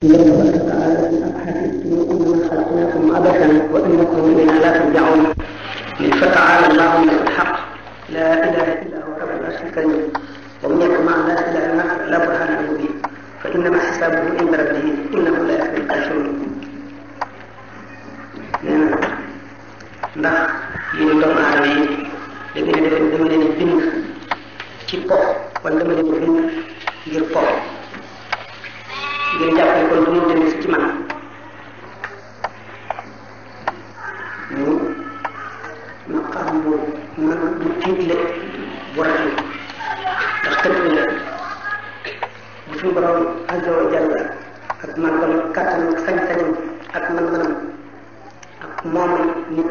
الله سبحانه وتعالى أنما خلقناكم عبثا وأنكم إلينا لا ترجعون فتعالى الله من الحق لا إله إلا هو رب العرش الكريم لم يكن مع الله إلا ما لا برهان له به فإنما حسابه عند ربه إنه لا يفلح الكافرون ndax yéen doomu aadama yi da ngeen def dama leen bind ci po wala dama leen bind ngir po ngeen jàpp ne kon du mu demee si ci man mu maqaam bu mu bu tiit la bu rafet ndax tëdd la bu suñu borom azza wa jalla ak màggal kàttan ak sañ-sañam ak mën-mënam ak moomam nit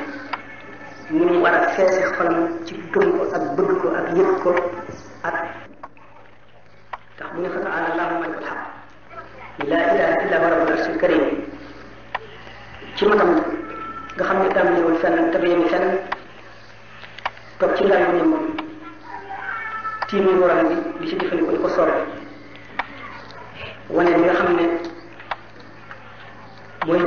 ni mu war a feese xolam ci gëm ko ak bëgg ko ak yëg ko ak tax bu ne fa taala allahu malikul xaq laa ilaha illa wa rabbul arshil karim ci matam nga xam ne tàmbaliwul fenn tabeyemi fenn toog ci ngayu ne moom tiim yi waral bi di ci jëfandikoo di ko soob wane li nga xam ne mooy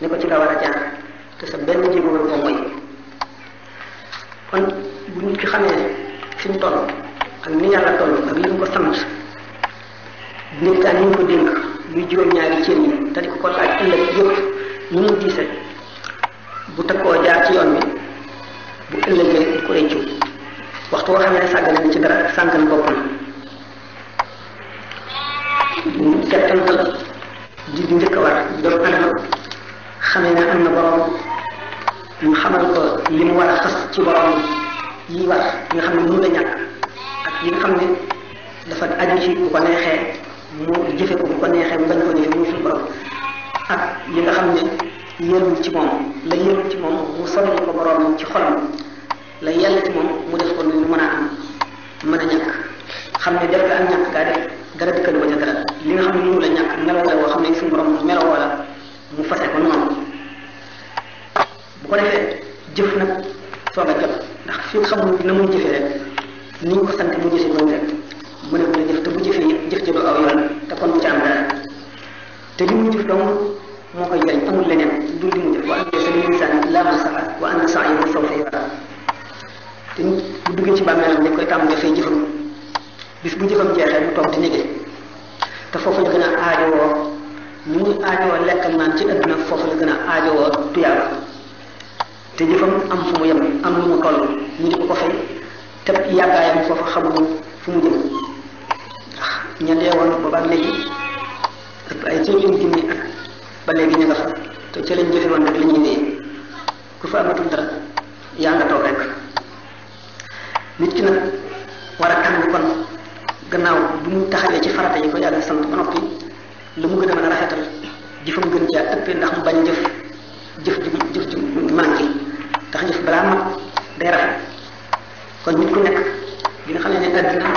ni ko ci la war a jaar te sa benn jéego war koo moy bu nit ki xamee mu toll ak ni yàlla toll ak li mu ko sant dénkaan ni mu ko dénk muy juróom-ñaari cër yi te di ko ko laaj ëllëg ci yoon bi bu ëllëgee di ko réccu waxtu woo xam ne sàggane na ci dara sànkan boppam mu settantal di di njëkk a war doon anam xamena am na borom ñu xamal ko li mu war a xas ci borom yi war nga xam ne mënu la ñàkk ak yi nga xam ne dafa aju ci bu ko neexee mu jëfe ko bu ko neexee mu bañ ko jëfe muy suñu borom ak yi nga xam ne yërul ci moom la yërul ci moom mu sonal ko borom ci xolam la yàlla ci moom mu def ko ni mu mën a am mën a ñàkk xam ne def nga am ñàkk gaa def garab dikkalu bañ a li nga xam ne mënu la ñàkk melaw la woo xam ne suñu borom melo wala mu fase ko noonu bu ko defee jëf nag soog a jot ndax fi xamul na muy jëfee rek ni ko sant mu jëfee noonu rek mu ne ko jëf te bu jëfee jëf jëf aw yoon te kon bu ci am mu jëf dong mu l-insaani ilaa maa sa'a wa anna sa'yahu sawfa ci bàmmeelam dañ koy tàmm jëfam bu jëfam jeexee mu toog di négee te foofu la gën a aajowoo ñu ñu aajowoo lekk naan ci adduna foofu la gën a aajowoo tuyaaba te jëfam am fu mu yem am lu mu toll ñu di ko ko fay te yàggaayam foofa xamuñu fu mu jëm ndax ña deewoon boobaag léegi ëpp ay téeméeri junni ba léegi ñu nga fa te ca jëfe woon rek la ñuy ku fa amatul dara yaa nga rek nit ki nag war a tànn kon gannaaw bu mu taxawee ci farata yi ko yàlla sant ba noppi lu mu gën a mën a rafetal jëfam gën caa ëppee ndax mu bañ jëf jëf ju jëf ju manqué ndax jëf balaa mag day rafet kon nit ku nekk bi nga xam ne ne àddina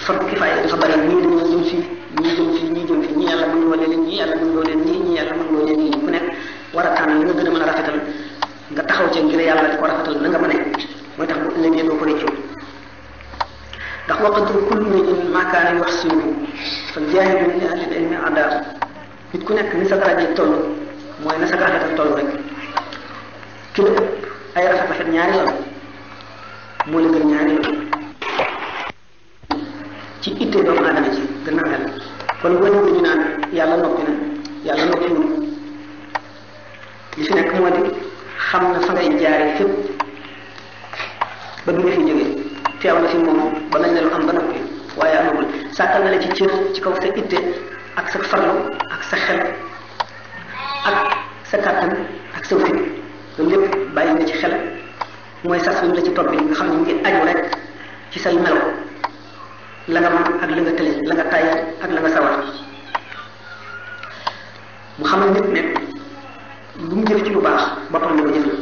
dafa kifaaya dafa bari ñii dañoo jëm si ñii jëm si ñii jëm si ñii yàlla mën loo leen ñii yàlla mën loo leen ñii ñii yàlla mën loo ku nekk war a tànn rafetal nga taxaw ngir ko rafetal nga tax bu ko réccu ndax kullu ma li ahli ilmi ada nit ku nekk ni sa daraje toll na sa rafetal rek ki ay rafet rafet ñaari yoon moo la ñaari yoon ci itte doomu aadama ci gën a mel kon boo déggee naan yàlla noppi na yàlla noppiwul li fi nekk moo di xam na fa ngay jaare fépp ba bi nga fi jógee teew na fi moom ba mel ne lu am ba noppi waaye amagul sàkkal na la ci cër ci kaw sa itte ak sa farlu ak sa xel ak sa kàttan ak sa fit loolu lépp bàyyi nga ci xel mooy sas wuñ la ci topp nga xam ne mu ngi aju rek ci say melo la nga mën ak la nga tële la nga tay ak la nga sawar mu xamal nit ne mu jëf ci lu baax boppam la ko jëfal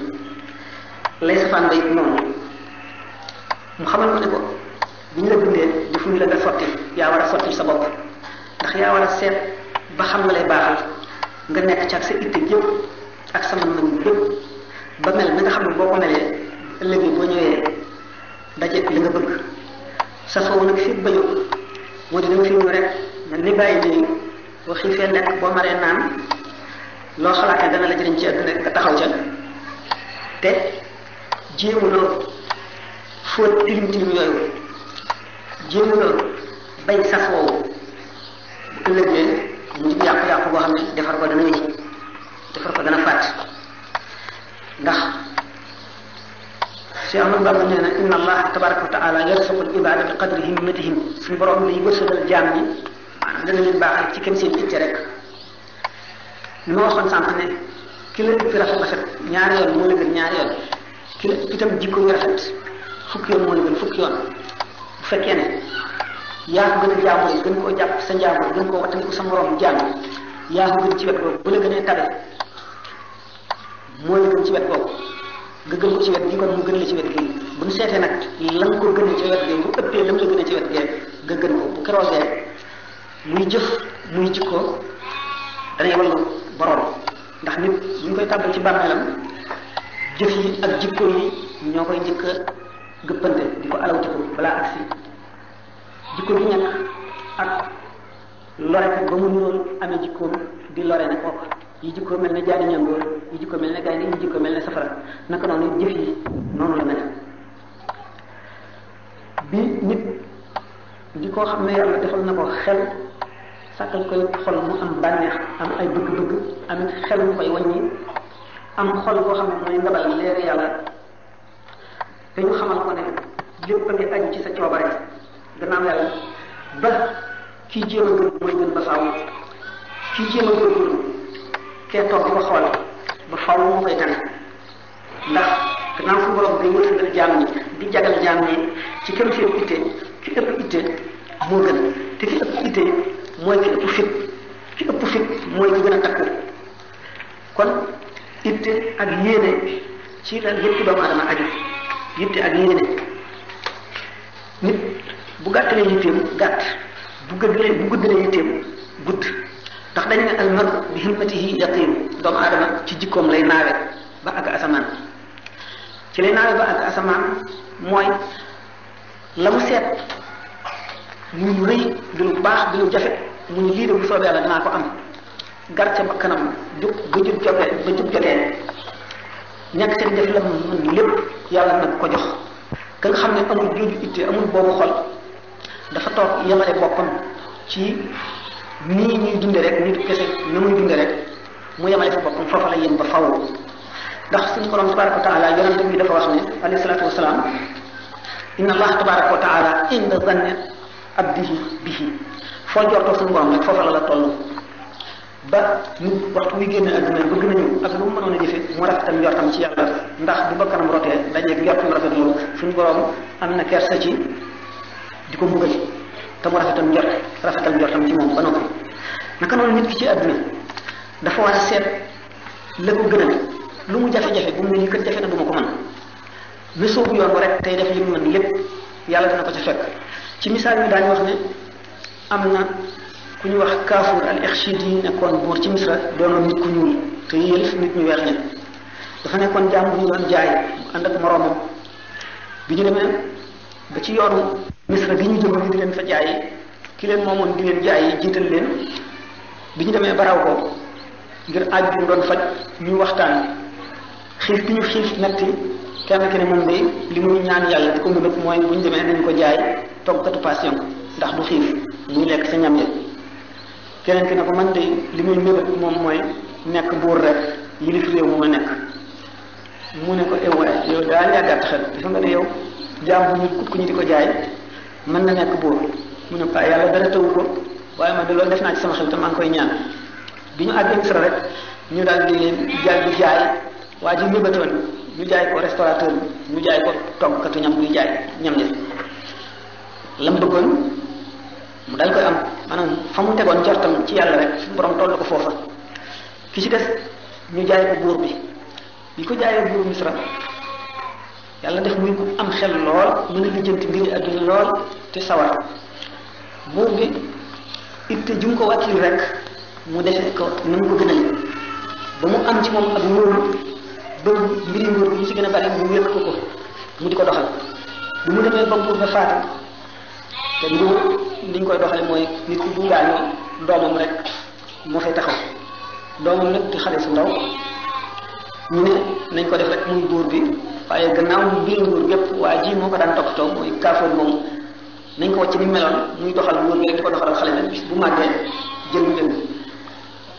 lay safaan bay moom mu xamal ko ne ko bu ñu la bindee defuñu la nga sotti yaa war a sotti sa bopp ndax yaa war a seet ba xam la lay baaxal nga nekk ci ak sa itte yëpp ak sa mën-mën yëpp ba mel na nga xam ne boo ko melee ëllëg yi boo ñëwee daje li nga bëgg sa soow nag fi bañu moo di danga fi ñu rek mel ni bàyyi nii boo xiifee boo maree naan loo xalaatee dana la jëriñ ci àdduna nga taxaw ca te jéemuloo fóot tilim tilim yooyu jéemuloo bañ sa soow bu ëllëgee mu jub yàqu yàqu boo xam ne defar ko dana wéy defar ko dana fàtt ndax cheikh ahmad bamba nee na inna allaha tabaraka wa taala yarsuqu al ibada bi qadri himmatihim suñu borom day wërsëgal jaam ñi maanaam dana leen baaxal ci kenn seen itte rek ni ma waxoon sànq ne ki la ëpp rafet rafet ñaari yoon moo la gën ñaari yoon ki la ëpp itam jikko yu rafet fukki yoon moo la gën fukki yoon bu fekkee ne yaa ko gën a jaamu gën koo jàpp sa njaamu gën koo wattandiku sa morom jaamu yaa ko gën ci wet boobu bu la gënee tabe moo la gën ci wet boobu nga gën ko ci wet gi kon mu gën la ci wet gi bu ñu seetee nag lan ko gën ci wet gi bu ëppee lam la gën ci wet gi nga gën ko bu keroogee muy jëf muy jikko dana yebal nga borom ndax nit koy ci jëf yi ak jikko yi di ko alaw jikko ak ko mu di lore yi jikko mel ne jaani ñandoor yi jikko mel ne gaynde yi jikko mel ne safara naka noonu jëf yi noonu la mel bi nit di koo xam ne yàlla defal na ko xel sàkkal koy xol mu am bànneex am ay bëgg-bëgg am xel mu koy wàññi am xol koo xam ne mooy ndabal leeru yàlla te ñu xamal ko ne lépp a ngi aju ci sa coobare gannaaw yàlla ba kii jéem mooy gën ba saawu kii jéem a góorgóorlu kee toog di ko xool ba faw moo koy tane ndax gannaaw fu borom bi wërsëgal jaam ñi di jagal jaam ñi ci kenn seen itte ki ëpp itte moo gën te ki ëpp itte mooy ki ëpp fit ki ëpp fit mooy ki gën a takku kon itte ak yéene ci la yëpp doomu adama aju yitte ak yéene nit bu gàttalee yitteem gàtt bu gëddalee bu guddalee gudd ndax dañu ne al maru bi himmatihi yaqiin doomu aadama ci jikkoom lay naawe ba ak asamaan ci lay naawe ba ak asamaan mooy la mu seet muy lu rëy di lu baax di lu jafe mu ñu lii de bu soobee yàlla dinaa ko am gar ca bakkanam jub ba jub jotee ñàkk ca def la mën lépp yàlla nag ko jox ka nga xam ne amul jooju itte amul boobu xol dafa toog yemale boppam ci nii ñuy dunde rek nit kese rek mu yemale fa boppam foofa la yem ba faw ndax suñu borom tabaraka wa taala yonente bi dafa wax ne alayhi salaatu wasalaam inna allah tabaraka wa taala inda zanni abdihi bihi foo jortoo suñu borom rek foofa ba ñu waxtu muy génn adduna bëgg nañu mu mënoon a jëfe mu rafetam ci yàlla ndax bu bakkanam rotee dañeeg njortam rafet loolu suñu borom am na kersa ci di ko mbugal te mu rafetal njort rafetal njortam ci moom ba noppi naka noonu nit ki ci àdduna dafa war a seet la ko gënal lu mu jafe-jafe bu mu ne nii kat ma ko mën na soobu yoon ba rek tey def li mu mën lépp yàlla ci misaal yi daañu wax am na ku wax Kaafuur al Ixshid ci Misra doonoon nit ku ñuul te yëlif nit dafa nekkoon jaam bu doon jaay ànd ak moroomam bi ñu demee ba ci yoonu misra gi ñu jëloon di leen fa jaay ki leen moomoon di leen jaay yi jiital leen bi ñu demee baraw ko ngir aaj bi faj ñuy waxtaan xiif gi ñu xiif metti kenn ki ne moom day li muy ñaan yàlla di ko demee nañu ko jaay toggkatu passion ndax du xiif muy lekk sa ñam ya keneen ki ne ko man de li muy mébét moom mooy nekk buur rek yilif réew mu ma nekk mu ne ko ewaay yow daal yaa gàtt xel dafa nga ne yow jaam bu ñu kut ku ñu di ko jaay mën na nekk buur mu ne pa ah, yàlla dara tawu ko waaye man de loolu def naa ci sama xel te ngi koy ñaan bi ñu àgg Misra rek ñu daal di jaay di jaay waa ji mébatoon ñu jaay ko restaurateur bi ñu jaay ko toggkatu ñam buy jaay ñam ja lam bëggoon mu dal koy am maanaam fa mu tegoon jortam ci yàlla rek suñu borom toll ko foofa ki ci des ñu jaay ko buur bi bi ko jaayee buur Misra yàlla def muy am xel lool mën a lijjanti mbiri àdduna lool te sawar buur bi itte ju mu ko wàccil rek mu defee ko ni mu ko gënale ba mu am ci moom ak wóolu ba mbiri nguur yi ci gën a bari mu wékk ko ko mu di ko doxal bu mu demee ba buur ba faatu te nguur li koy doxale mooy nit ku bu gaañoo doomam rek moo fay taxaw doomam nag di xale su ndaw ñu ne nañ ko def rek muy buur bi waaye gannaaw biir nguur gépp waa ji moo ko daan toppatoo muy kaafoor moom nañ ko ci ni meloon muy doxal nguur bi rek ko doxalal xale bu màggee jël mu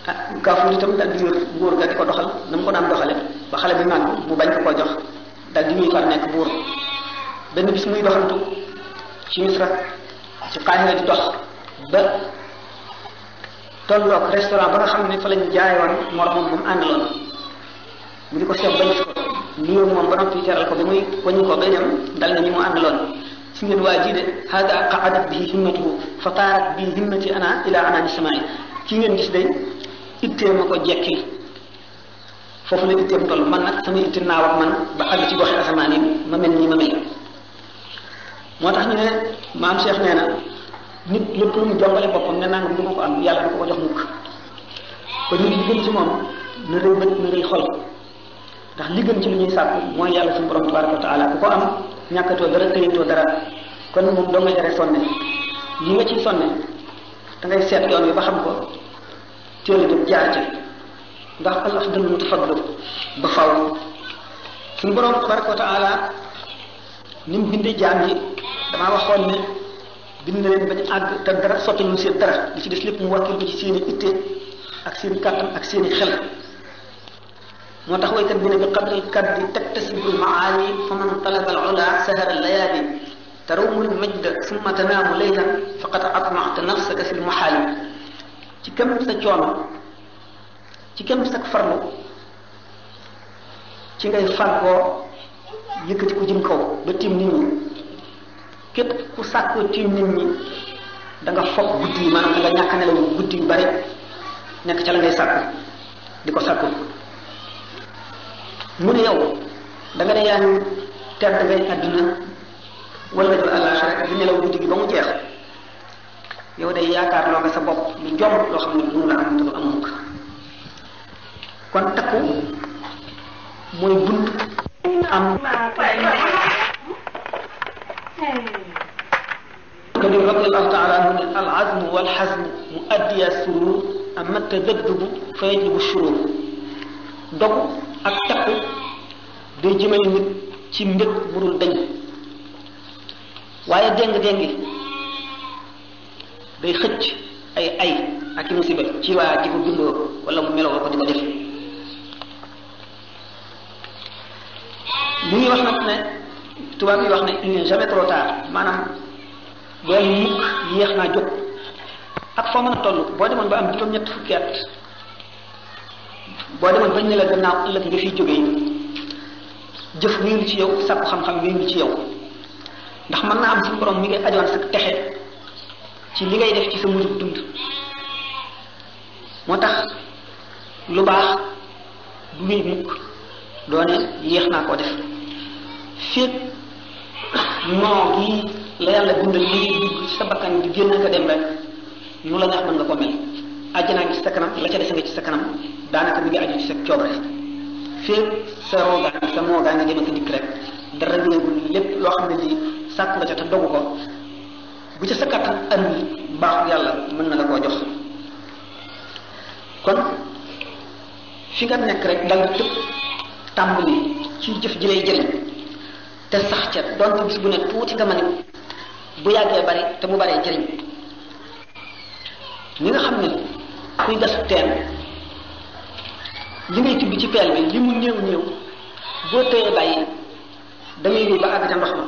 ah itam daal ga ko doxal na mu ko daan doxale ba xale bi màgg mu bañ ko koo jox daal di ñuy far nekk buur benn bis muy doxantu ci misra ci Qaahira di dox ba tolloog restaurant ba nga xam ne fa lañ jaayoon moroomam bu mu àndaloon mu di ko seet bañ nuyoo moom ba noppi teral ko bi muy wañu ko bañam dal na ñi mu àndaloon ci ngeen waa jii de hada qaadat bihi himmatuhu fa taarat bi himmati ana ila anaani samaai ki ngeen gis day ittee ma ko jekki foofu la itteem toll man nag sama itte naaw ak man ba àgg ci goxi asamaan yi ma mel nii ma mel moo tax ñu ne maam cheikh nee na nit lépp lu mu jombale boppam ne nangam du ma ko am yàlla du ko ko jox mukk kon nit li gën ci moom na rëy bët na rëy xol ndax li gën ci lu ñuy sàkk mooy yàlla suñu borom tabaraka wa taala ku ko am ñàkkatoo dara tëyatoo dara kon moom doo nga jare sonne li nga ciy sonne da ngay seet yoon wi ba xam ko téelu dem jaar ci ndax alax dëllu mutafaddu ba faw suñu borom tabaraka wa taala ni mu bindee jaam yi damaa waxoon ne bind na leen bañ àgg te dara sotti mu seet dara li ci des lépp mu wàkkil ko ci seen itte ak seen i kàttan ak seen xel moo tax waykat bi ne bi qablil kaddi bi maani fa man talaba al ula sahara layaali tarumul majda summa tanaamu laylan faqad atmata nafsaka fil maxaalim ci kem sa coono ci kem sa farlu ci ngay fàggoo yëkkati ko ba tiim nga foog guddi yi guddi yu bari nekk ca la ngay sàkku di ko sàkku mu ne yow da nga ne yaa ngi tedd ngay àdduna wëlbati ba àllaaxira di nelaw guddi gi ba mu jeex yow day yaakaar loo nga sa bopp lu jom loo xam ne mënu la am te lu amoo ko kon takku mooy bunt am كبير رضي الله تعالى عنه العزم والحزم مؤدي السرور أما التذبذب فيجلب الشرور دوك ak takk day jëmale nit ci mbég mënul dañ waaye déng-déngi day xëcc ay ay ak i musiba ci waa ji ko bindoo wala mu meloo ko di ko def li ñuy wax nag tubaab yi wax ne il n'est jamais trop tard maanaam booy mukk yéex naa jóg ak foo mën a toll boo demoon ba am juróom-ñett fukki at boo demoon bañ ne la gannaaw ëllëg nga fiy jógee jëf wéeru ci yow sàkku xam-xam wéeru ci yow ndax mën naa am suñu borom mi ngay ajoon sa texe ci li ngay def ci sa mujjug dund moo tax lu baax du wéy mukk doone yéex naa koo def féeg noo gi la yàlla dundal li ngay dugg ci sa bakkan di génn ka dem rek nu la neex mën nga ko mel àjjanaa ngi ci sa kanam la ca des nga ci sa kanam daanaka mi ngi aju ci sa coobare fépp sa roogaan sa moogaan nga jëmante dikk rek dara réegul lépp loo xam ne lii sàkk nga ca te dogu ko bu ca sa kàttan andi yàlla mën na la koo jox nga nekk rek dal di tëb tàmbali jëf ji te sax ca doonte bis bu ne tuuti nga ma ne bu yàggee bari te mu baree jëriñ ñi nga xam ne kuy gas teen li ngay tibb ci peel bi li mu néew néew boo tëyee bàyyi da ngay ba àgg ca ndox ma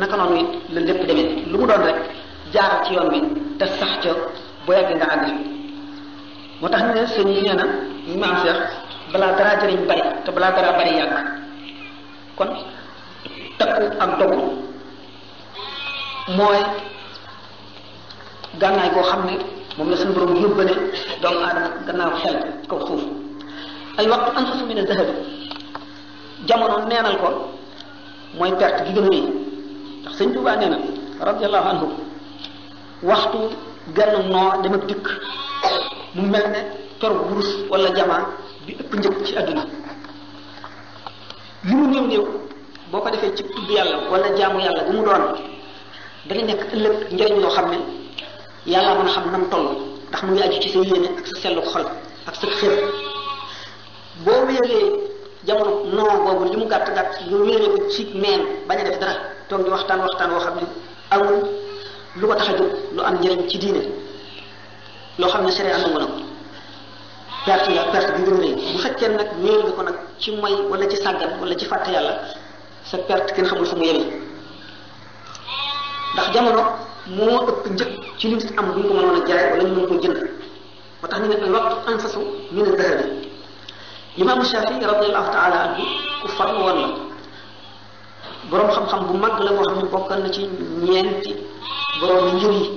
naka noonu la lépp demee lu mu doon rek jaar ci yoon bi te sax ca boo yàggee nga àgg moo tax ne sëñ yi nee na maam Seex balaa dara jëriñ bari te balaa dara bari yàgg kon takku ak dogu mooy gànnaay boo xam ne moom la suñu borom yóbbale doomu aadama gannaaw xel kaw suuf ay waxtu anfasu min az-zahabi jamono neenal ko mooy perte gi gën a rëy ndax sëñ Tuubaa nee na radiyallahu anhu waxtu genn noo dem dikk mu mel ne tor wurus wala jamaa bi ëpp njëkk ci àdduna li mu néew néew boo ko defee ci tudd yàlla wala jaamu yàlla bu mu doon dana nekk ëllëg njëriñ loo xam ne yàlla mën a xam nam toll ndax mu ngi aju ci sa yéene ak sa sellu xol ak sa xër boo wéeree jamono non boobu li mu gàtt gàtt nga wéeree ko ci meen bañ a def dara toog di waxtaan waxtaan woo xam amul lu ko tax a jóg lu am njëriñ ci diine loo xam ne sere am na ko perte nga perte bi gën a ko nag ci moy wala ci sàggan wala ci fàtte yàlla sa perte kenn xamul fu mu yële ndax jamono. moo ëpp ci li am bu ñu a jaay wala ñu mën koo jënd moo tax ñu ne al waqtu anfasu min az-zahabi imaamu taala anhu ku farlu woon la boroom xam-xam bu mag la xam ne bokkoon na ci ñeenti boroom ngir yi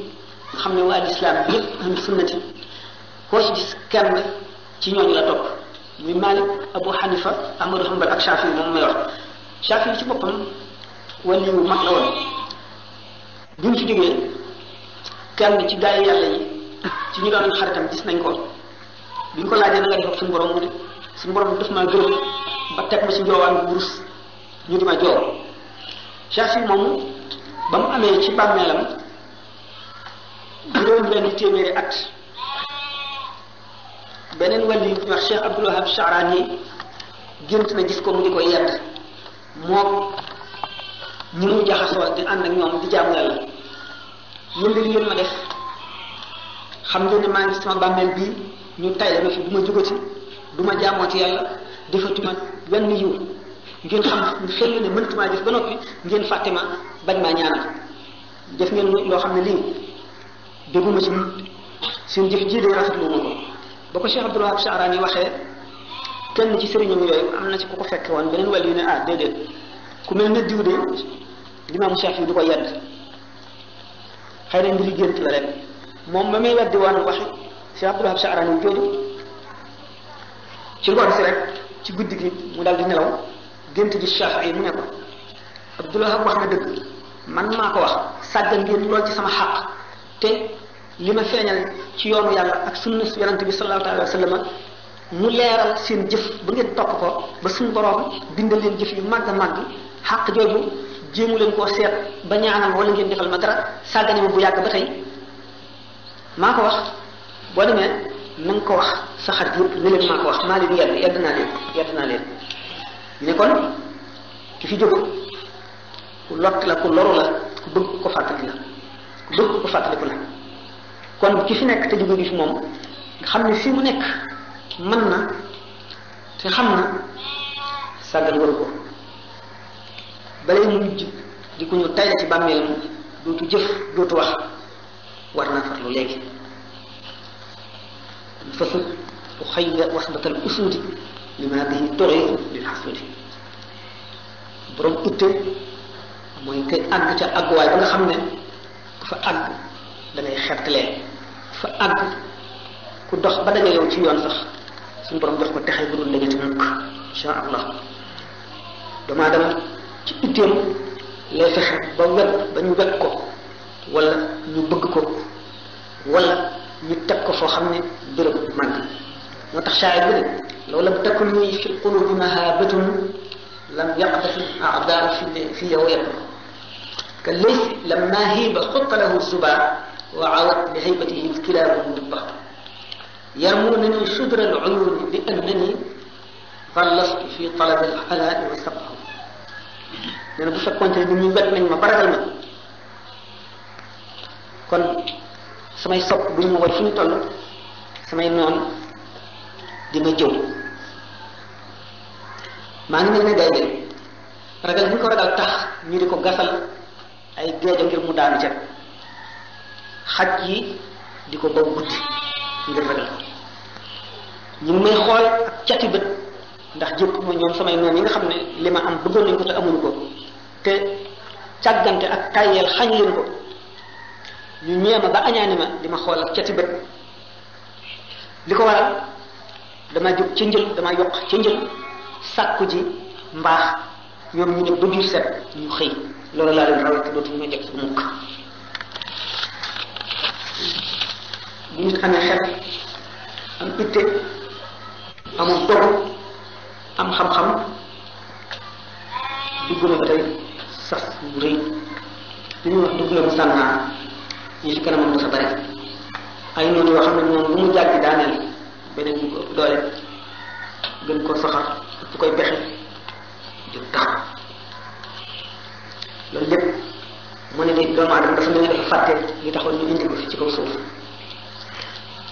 nga xam ne waa lislaam yëpp ahlu sunnati koo ci gis kenn ci ñooñu la topp muy Malik Abu Hanifa Ahmadu Hanbal ak Shaafi moom may wax Shaafi ci boppam wàllu mag la buñ ci jógee kenn ci gaay yàlla yi ci ñu doon xaritam gis nañ ko biñ ko laajee nga def ak suñu borom mu ne suñu borom def maa gërëm ba teg ma si njoowaan rus ñu di ma joor cheikh si moom ba mu amee ci bàmmeelam juróom benn téeméeri at beneen wàllu ñu wax cheikh abdul wahab charani gént na gis ko mu di ko yedd moom ñi muy jaxasoo di ànd ak ñoom di jaam yàlla ñun ngeen ma def xam ngeen ne maa ngi sama bàmmeel bii ñu tay ma fi bu ma jugati du ma jaamoo ci yàlla defatuma wenn yiw ngeen xam xel ne mëntumaa def ba noppi ngeen fàtte ma bañ maa loo xam ne lii dégguma ci jëf ji de rafetlu ma ko ba ko Cheikh Abdoul Wahab Sha'rani waxee kenn ci sëriñam yooyu am na ci ku ko fekke woon beneen wàll yu ne ah déedéet ku mel ne diw de limaamu Cheikh yi di ko yedd xëy na mbiri gént la rek moom ma muy weddi woon waxi Cheikh Abdul Wahab Sha'rani jooju ci ngoon si rek ci guddi gi mu daal di nelaw gént gi Cheikh yi mu ne ko Abdul wax na dëgg man maa ko wax sàggan ngeen lool ci sama xaq te li ma feeñal ci yoonu yàlla ak sunna yonent bi sallallahu alayhi wa mu leeral seen jëf ba ngeen topp ko ba suñ borom bindal leen jëf yu màgg màgg xaq jooju jéemu leen koo seet ba ñaanal ma wala ngeen defal ma dara sàggane bu yàgg ba tey maa ko wax boo demee na ko wax sa xarit ne leen maa ko wax maa leen yedd yedd naa leen yedd naa leen ne kon ki fi jógu ku lott la ku loru la ku bëgg ko fàttali la ku bëgg ko fàttaliku la kon ki fi nekk te jóge gi fi moom xam ne fii mu nekk mën na te xam na sàggan waru ko balay mujj di ku ñu tay la ci bàmmeel mu dootu jëf dootu wax war naa farlu léegi الفصل أخيل وحدة الأسود لما به تغير للحسود borom itte mooy kay àgg ca àgguwaay ba nga xam ne ku fa àgg da ngay xettalee ku fa àgg ku dox ba daje yow ci yoon sax suñu borom jox ko texay bu dul daje ci mukk insha allah doomu aadama ci itteem lay fexe ba wet ba ñu wet ko wala ñu bëgg ko wala ñu teg ko foo xam ne béréb màgg moo tax shaayir bi ne law lam takun ñuy fi qulubi mahabatun lam yaqdafi adaa fi fi yow yem ka lays lamma hiba xutta lahu zuba wa awat bi haybatihi alkilaabu mudba يرمونني شدر العيون بأنني غلست في طلب الحلال وسبه nee bu fekkoon te nit ñi wet nañ ma ba ragal ma kon samay sopp duñ ma war fu ñu toll samay noon di ma jëw maa ngi mel ne gaynde ragal bu ko ragal tax ñu di ko gasal ay géejo ngir mu daanu ca xaj yi di ko ba guddi ngir ragal ñu may xool ak cati ndax jëpp ma ñoom samay noon yi nga xam ne li ma am bëggoon nañ ko te amuñu ko te càggante ak tàyyeel xañ leen ko ñu ñeema ba añaani ma di ma xool ak cati bët li ko waral dama jóg ci njël dama yokk ci njël sàkku ji mbaax ñoom ñu ne ba biir set ñu xëy loolu laa leen rawee te dootuñu ma jekk bu mukk bu nit amee xel am itte amul dogu am xam-xam dugg na ba tey sas bu rëy li wax dugg na mu sànnaa ci kanamam dafa bare ay noonu yoo xam ne moom lu mu jàgg daaneel beneen bu ko ëpp doole gën koo soxal ëpp koy pexe jóg tax loolu lépp mu ne ni doomu dafa mel dafa fàtte li taxoon ñu indi ko fi ci kaw suuf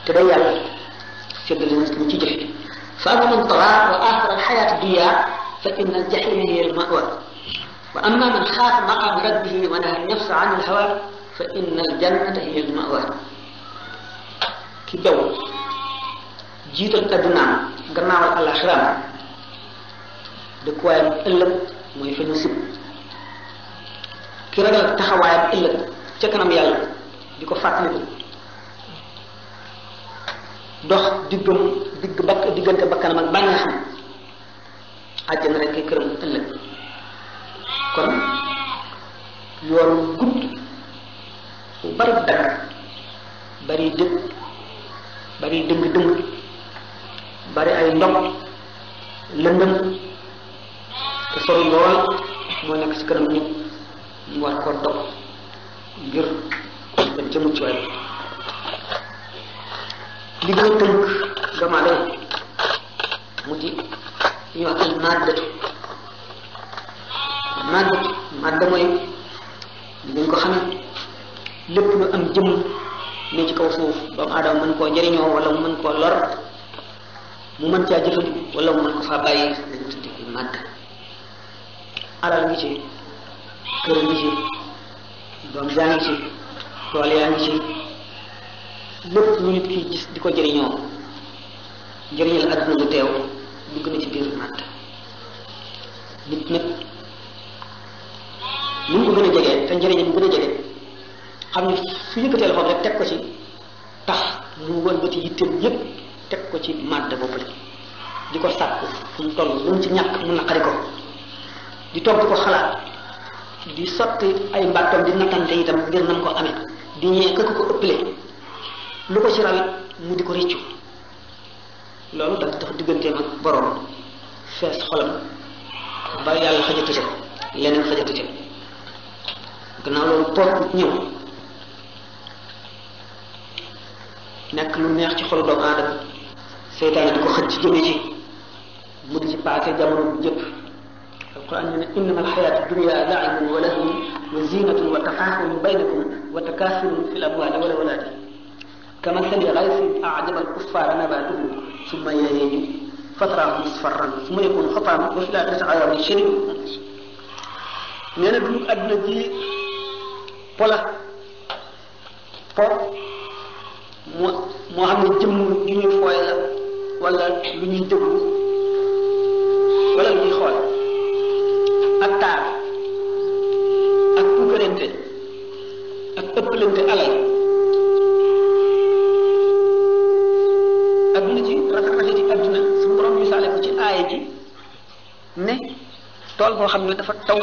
te day yàlla séddale nit ñi ci jëfe فأما من طغى وآخر الحياة الدنيا فإن الجحيم هي المأوى وأما من خاف مقام ربه ونهى النفس عن الهوى فإن الجنة هي المأوى كي جيت الأدنى قناوة الأخرى دكواي الألم ويفي نسيب كي رجل تخوايب الألم تكنا ميال ديكو فاتنه dox diggam digg bakk diggante bakkanam ak bànneexam àjjana rek kay këram ëllëg kon yoon gudd bari dag bari dëkk bari dëng dëng bari ay ndom lëndëm te sori lool moo nekk si kanam nit mu war koo dox ngir dañ ca ci waaye li gën tënk doomu aadama mu di li ñuy al maddatu maddatu madda mooy dañ ko xam lépp lu am jëmm ne ci kaw suuf doomu aadama mën koo njëriñoo wala mu mën koo lor mu mën caa jëfandiku wala mu mën ko faa bàyyi dañ ko tuddi al madda alal ngi ci kër ngi ci doom jaa ngi ci tool yaa ngi ci lépp lu nit ki gis di ko jëriñoo njëriñal adduna lu teew dugg na ci biir màtt nit nag lu mu ko gën a jege te njëriñam mu gën a jege xam ne su yëkkatee loxoom rek teg ko ci tax mu wëlbati yitteem yépp teg ko ci màdd boppale di ko sàkku fu mu toll lu mu ci ñàkk mu naqari ko di toog di ko xalaat di sotti ay mbàttam di nattante itam ngir nam ko amee di ñee ko ko ëppale lu ko ci raw mu di ko rëccu loolu dafa tax digganteem ak borom fees xolam ba yàlla xajatu ca leneen xajatu ca gannaaw loolu ponkut ñëw nekk lu neex ci xolu doomu aadama seytaane di ko xëcc jëme ci mu di ci paase jamono bu jëpp القرآن من إنما الحياة الدنيا لعب ولهو وزينة وتفاخر بينكم وتكاثر في الأموال والأولاد كما كان غيث أعجب الكفار نباته ثم يهيج فترة مصفرا ثم يكون خطأ وفلا تسعى من شرك من أدنك أدنى جي بلا فور محمد جمع جميع فوائلة ولا من يدبو ولا من يخوال أكتار أكتو كرنتي أكتو كرنتي lool koo xam ne dafa taw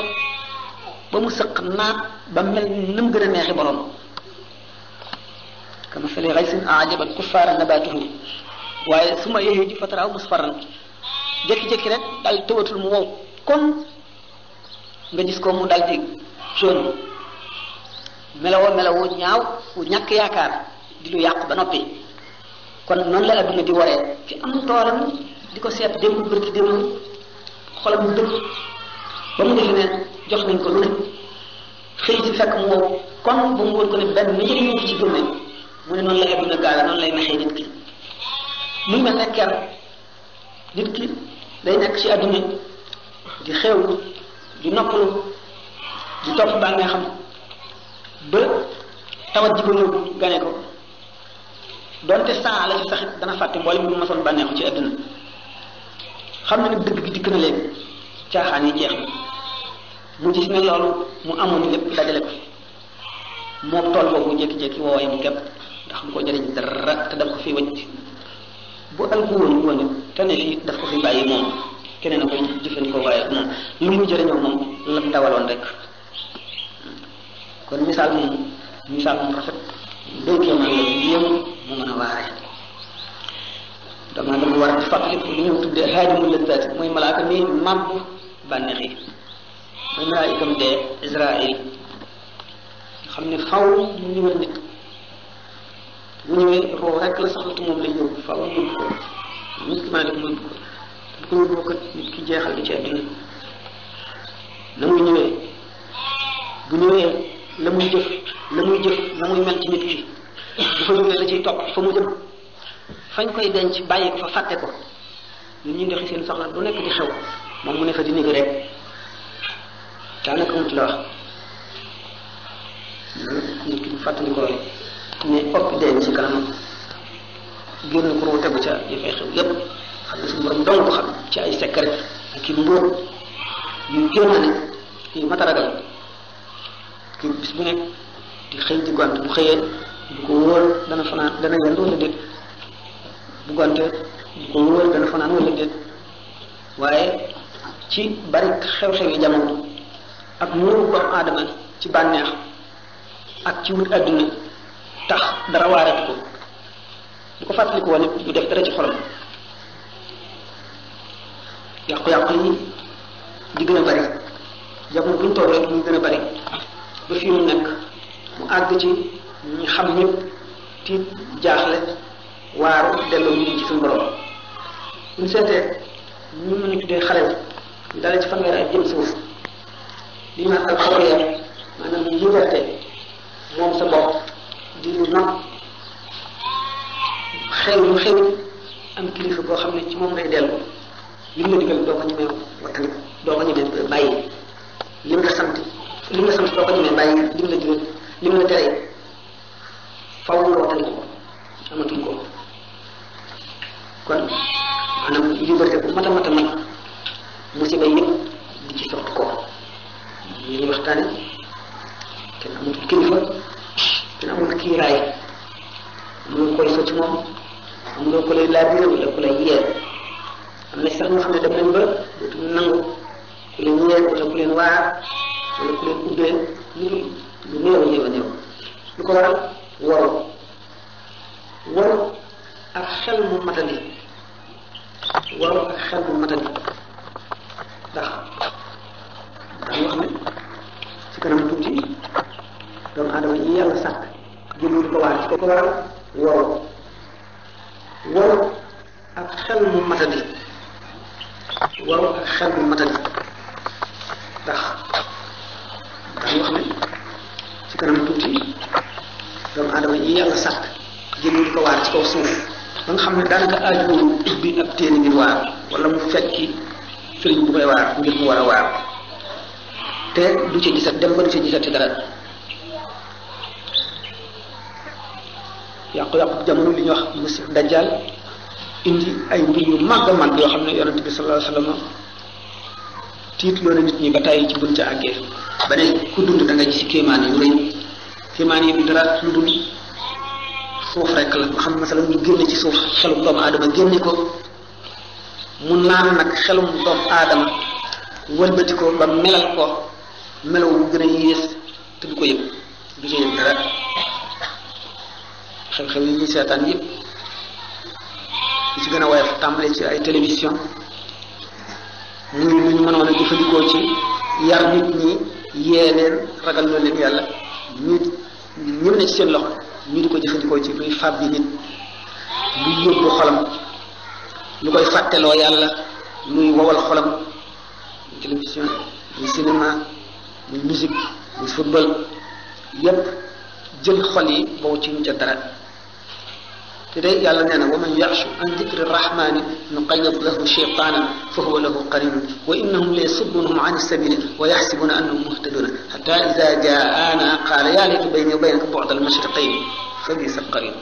ba mu sëq naat ba mel ni mu gën a neexi borom kama feli xaysin ajaba kuffaara nabaatuhu waaye su ma yéexee ji fataraaw musfarran jékki-jékki rek daal kon nga gis ko mu daal di jaune melawoo melawoo ba noppi kon noonu la adduna di waree ci am toolam di ko seet démb bërki démb xolam dëgg ba mu defe ne jox nañ ko lu ne xëy si fekk mu kon ba mu wóor ko ne benn ni jëriñu ci gëmme mu ne noonu lay adduna gaale noonu lay naxee nit ki muy mel ne ker nit ki day nekk ci adduna di xewlu di noppalu di topp baa ngay xam tawat ji ñëw gane ko donte saa la ci sax dana fàtte mboolem bu masoon bànneexu ci adduna xam ne dëgg gi dikk na léegi caaxaan yi jeex mu gis ne loolu mu amoon lépp dajale ko moo tool boobu jékki-jékki wooyam képp ndax mu ko jëriñ dara te daf ko fi wëcc bu alku woon woon te ne ko fi bàyyi moom keneen a koy dawaloon rek kon misaal moom misaal moom rafet doy kéemaan la mu mën a waare dama dama war a fàttaliku li ñu tuddee haajimul lazzaat mooy malaaka mi màbb bànneex yi malaayikam dee Israël xam ne faw mu ñëwal nit bu ñëwee roo rek la sax te moom lay yóbbu faw mu yóbbu ko nit ki maa def mu yóbbu nit ki jeexal bi ci àddina na mu ñëwee bu ñëwee la muy jëf la muy jëf la muy mel ci nit ki bu fa jógee la ciy topp fa mu jëm fañ koy denc bàyyi ko fa fàtte ko nit ñi ndoxi seen soxla bu nekk di xew moom mu ne fa di nigg rek daanaka wut la wax loolu nit dee ngi si kanamam génn ko roo tegu ca yi xew yépp xam ne suñu borom xam ci ay secret ak i mbóot yu génnaane yu mat a ragal ngir bis bu nekk di xëy di gont bu xëyee du ko wóor dana fanaan dana yendu wala déet bu gontee du ko wóor dana fanaan wala déet waaye ci bari xew-xew yi jamono ak muuru doomu aadama ci bànneex ak ci wut àdduna tax dara waareet ko bu ko fàttalikoo nit du def dara ci xolam yàqu-yàqu yi di gën a bari jamono bu ñu toll rek ñu gën a bari ba fii mu nekk mu àgg ci ñu xam ñëpp tiit jaaxle waaru delloo ñu ci suñu borom ñu seetee ñu mën a tuddee xale yi dale ci fanweer ak jëm suuf li ñu naan al xorriya maanaam liberté moom sa bopp di lu nam xew lu boo xam ne ci moom ngay dellu li mu la digal doo ko ñemee wattani doo ko ñemee bàyyi li mu la sant li mu la sant doo ko ñemee bàyyi li mu la digal li mu la tere faaw nga wattani ko amatuñ ko kon maanaam liberté bu mat a mat a mat musiba yëpp di ci soxtu ko yi ñuy waxtaane lu lu néew néew lu ko waral waru waru xel mu matali waru ak xel mu matali ndax daan wax ne kanam tuuti doomu aadama yi yàlla sàkk mu matadi waru yi yàlla sàkk jëlul ko waar ci kaw suuf ba nga xam ne daanaka aaju ubbi ab téere ngir waar wala mu fekki sëriñ bu koy waar ngir mu war a waar te du ci gisat dem ba du ci gisat ci dara yàqu yàqu jamono li ñu wax masih dajjal indi ay mbir yu mag a màgg xamne yaronte bi sallallahu alayhi wasallam tiit lo na nit ñi ba tay ci buñ ci agge ba ne ku dund da nga ci kemaani yu reñ kemaani yu dara lu dund suuf rek la xam na sala ñu genn ci suuf xelu doom adama genn ko mu naan nak xelu doom adama wëlbati ba melal ko melaw bu gën a yées te du ko yëg du ci yëg dara xew-xew yi ñuy seetaan yëpp li ci gën a woyof tàmbale ci ay télévision muy lu ñu mënoon jëfandikoo ci yar nit ñi yee ragal loo leen yàlla ñu ñëw na ci seen loxo ñu di ko jëfandikoo ci luy fab bi nit xolam lu koy fàtteloo yàlla luy wowal xolam télévision cinéma muy musique muy football yépp jël xol yi boobu ci ñu ca dara te day yàlla nee na wa man yaxshu an dicri rahmani nuqayyad lahu shaytanan fa huwa lahu qarinun wa innahum la yasuddunhum an sabili wa yaxsibuna annahum muhtaduna xata ida jaana qaala yaa layta bayni wa baynaka bucda almashriqayn fa bisa alqarin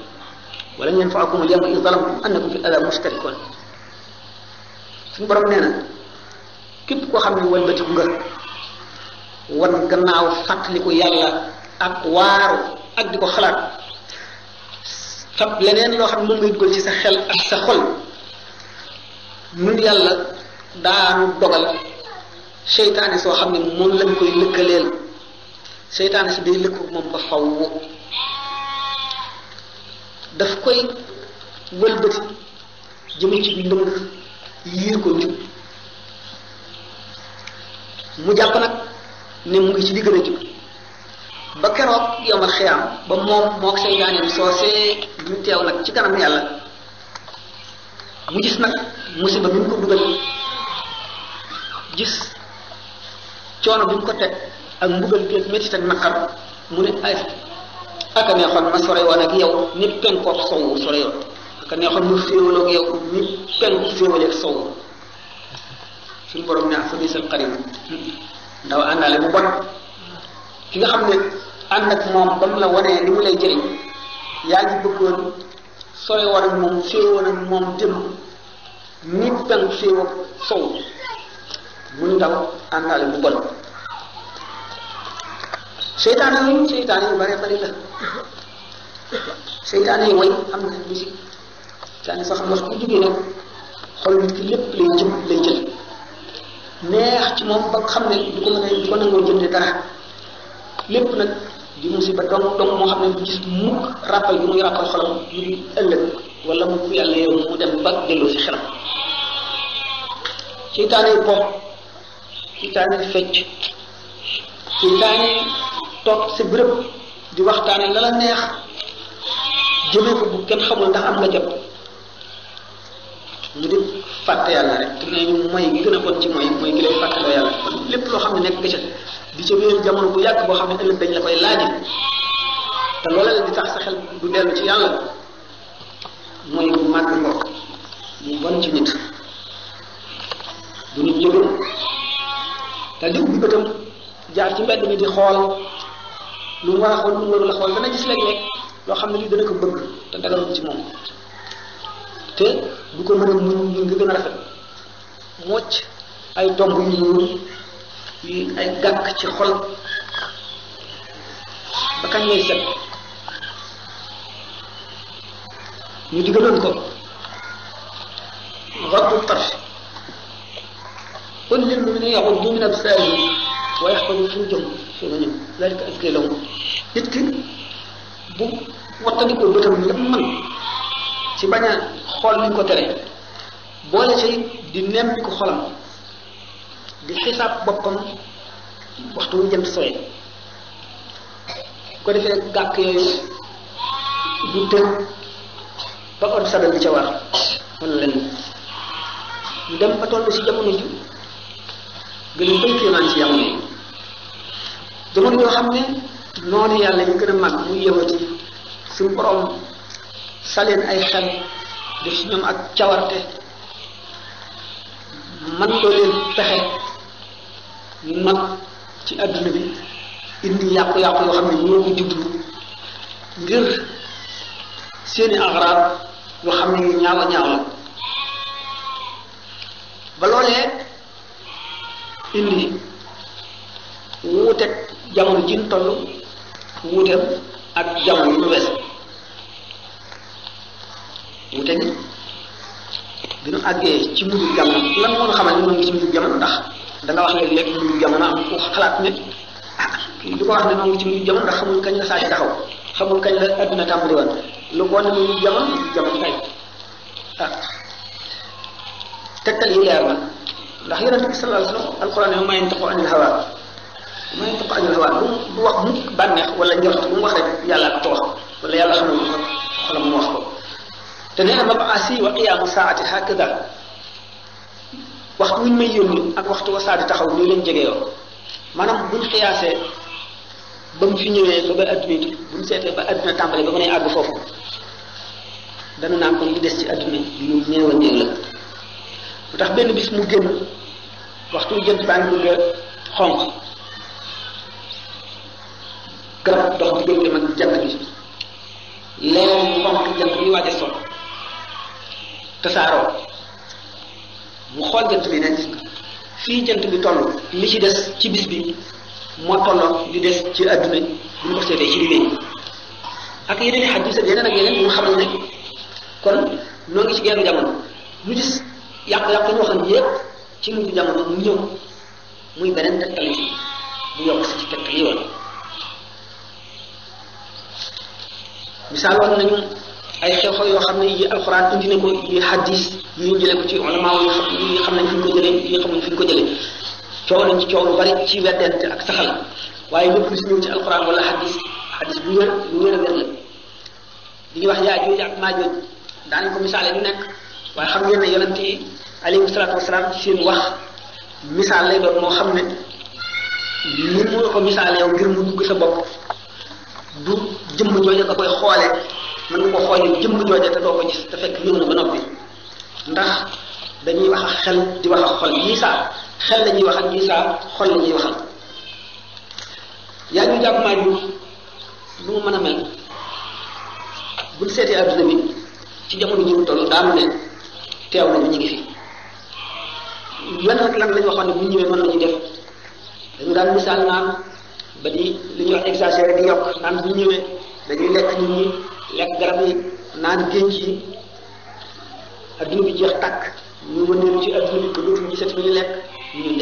ولن ينفعكم اليوم إذ ظلمتم أنكم في الأذى مشتركون. سن برم نينا كيب كو خامني ولبتي wan gannaaw fàttaliku yàlla ak waaru ak di ko xalaat fab leneen loo xam ne moom ngay dugal ci sa xel ak sa xol nun yàlla daanu dogal seytaane soo xam ne moom lañ koy lëkkaleel seytaane si day lëkku moom ba fawwu daf koy wëlbati jëme ci ndëng yiir ko njub mu jàpp nag ne mu ngi ci digg rëcc ba keroog yomal xiyaam ba moom mook seytaaneem soosee duñ teew nag ci kanam yàlla mu gis nag musiba bi mu ko dugal gis coono bi mu ko teg ak mbugal bi ak métit ak naqar mu ne aka neexoon ma sore ak yow ni penkook sowwu sore yoon aka neexoon ma féewaloo ak yow ni penk féewale ak sowwu suñu borom diisal xarit ndaw àndaale bu bon ki nga xam ne ànd ak moom ba la wanee ni mu lay jëriñ yaa ngi bëggoon sore woon ak moom féewoon ak moom jëm nit penk féew ak sow muy ndaw àndaale bu bon seytaan yooyu seytaan yu bare bari la seytaan yi way am na bisi seytaan sax mos lay jëm lay jël neex ci moom ba xam ne du ko mën du ko nangoo jënde dara lépp nag di musiba dong dong moo xam ne du gis mu rappel bi muy rappel xolam lu dul ëllëg wala mu ku yàlla yow mu dem ba delloo si xelam seytaane po seytaane fecc seytaane toog si bërëb di waxtaane la neex jëmee ko bu kenn xamul ndax am nga jot mu dul fàtte yàlla rek te nee ñu mooy gi gën a bon ci mooy mooy gi lay fàttaloo yàlla lépp loo xam ne nekk ca di ca biir jamono bu yàgg boo xam ne ëllëg dañ la koy laaje te loola la di tax sa xel du dellu ci yàlla mooy bu màgg mbokk mu bon ci nit bu nit yëgul te di ubbi bëtam jaar ci mbedd mi di xool lu war a xool lu mu a xool dana gis léeg loo xam ne lii dana ko bëgg te dagalul ci moom te du ko mën a muñ ñu ngi gën a rafet mocc ay tomb yu ñuul yu ay gàkk ci xol ba kañ lay set ñu digaloon ko rabbu tarfi qul lil mu'minina yaghuddu min absarihim wa yahfazu furujahum sunan dalika azka lahum nit ki bu wattandikoo bëtam la man ci baña xol ni niñ ko tere boole ci di nemmi ko xolam di xisab boppam waxtu wu jëm soye ko defé gàkk yoy du te ba ko sabal bi ca war wala lenn ñu dem ba tollu ci jëmunu ji gën a ci man ci jamono yi jamono yoo xam ne noonu yàlla ñu gëna mag muy yëwati suñu borom saleen ay xel def si ñoom ak cawarte man loo leen pexe ñu ci àdduna bi indi yàqu-yàqu yoo xam ne ñoo ko jublu ngir seeni axraab yoo xam ne ñu ñaaw a ñaaw la ba loolee indi wuuteeg jamono jin toll wuuteem ak jamono wees wute ni bi nu àggee ci mujj jamono lan moo xamal ni mu ngi ci mujj ndax da wax léeg-léeg mujj jamono am ah, ko wax ne noo ngi ci mujj jamono xamul kañ la saa si taxaw xamul kañ la adduna tàmbali woon lu ko ne mujj jamono mujj jamono kay ah tegtal yi leer na ndax yonent bi sallallahu alayhi wasallam alquran yi ma yantiqu anil hawa ma yantiqu anil hawa du wax mukk bànneex wala njort bu mu wax rek yàlla ko wax wala yàlla xamul xolam mu wax ko te nee na mabaasi wa qiyaamu saati hakada waxtu wuñ may yónni ak waxtu wa saa di taxaw nii lañ jege yoo maanaam buñ xiyaasee ba ba bi buñ seetee ba adduna tàmbale ba mën a àgg foofu dana naan kon li des ci adduna lu néew a la lu tax benn bis mu gën waxtu jënt baa ngi bëgg a xonq garab dox diggante mag jant bi leer xonq jant bi waaj sol tasaaroo mu xool jant bi ne fii jant bi toll li ci des ci bis bi moo tolloo li des ci àdduna bu ñu ko seetee ci ak yeneen i xadis yeneen ak yeneen mu xamal ne kon ñoo ngi ci genn jamono lu gis yàq-yàq ñu waxoon yépp ci mujj jamono mu ñëw muy beneen tegtal ci bu yokk si ci tegtal yi woon nañu ay xew-xew yoo xam ne yi alxuraan indi na ko yi hadis yi ñu jëlee ko ci ulama yi xam nañ fi ñu ko jëlee yi xam nañ fi ñu ko jëlee ci coow lu bari ci weddente ak saxal waaye lépp lu si ñëw ci alxuraan wala hadis bu wér bu wér a wér la li ñuy wax yaajooj ak maajooj ko misaale ñu nekk waaye xam ngeen ne yonent yi alayhi salaatu wasalaam ci seen wax misaal lay doon moo xam ne ni mu ko misaale yow ngir mu dugg sa bopp du jëmm jooju koy xoolee mën nga ko xoolee jëmm jooja te doo ko gis te fekk ñëw na ba noppi ndax dañuy wax ak xel di wax ak xol Isa xel la ñuy wax ak Isa xol ñuy waxal yaa ñu jàpp a mel buñ seetee adduna bi jamono ñu toll daanu ne teew na bu ñu ngi fi lan ak lan lañ ne bu ñu ñëwee mën nañu def dañu daan misaal naan ba di li ñuy wax di yokk naan bu ñëwee dañuy lekk nit ñi lekk garab yi naan géej yi adduna bi jeex tàkk ñu wëndeelu ci adduna bi ko dootuñu gisati lu ñu lekk ñu ñu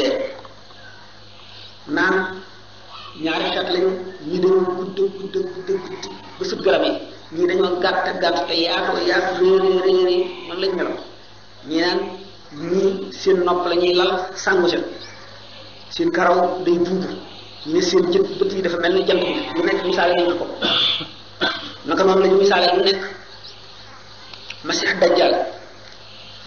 garab yi ñii dañoo gàtt gàtt te yaatoo yaatu réer réer réer man lañ melo ñi naan ñii seen nopp la ñuy lal sàngu seen seen karaw day buubu ñu ne seen jët bët yi dafa mel ni jant bi lu nekk misaale nañ ko naka noonu la ñu misaalee lu nekk masix dajjal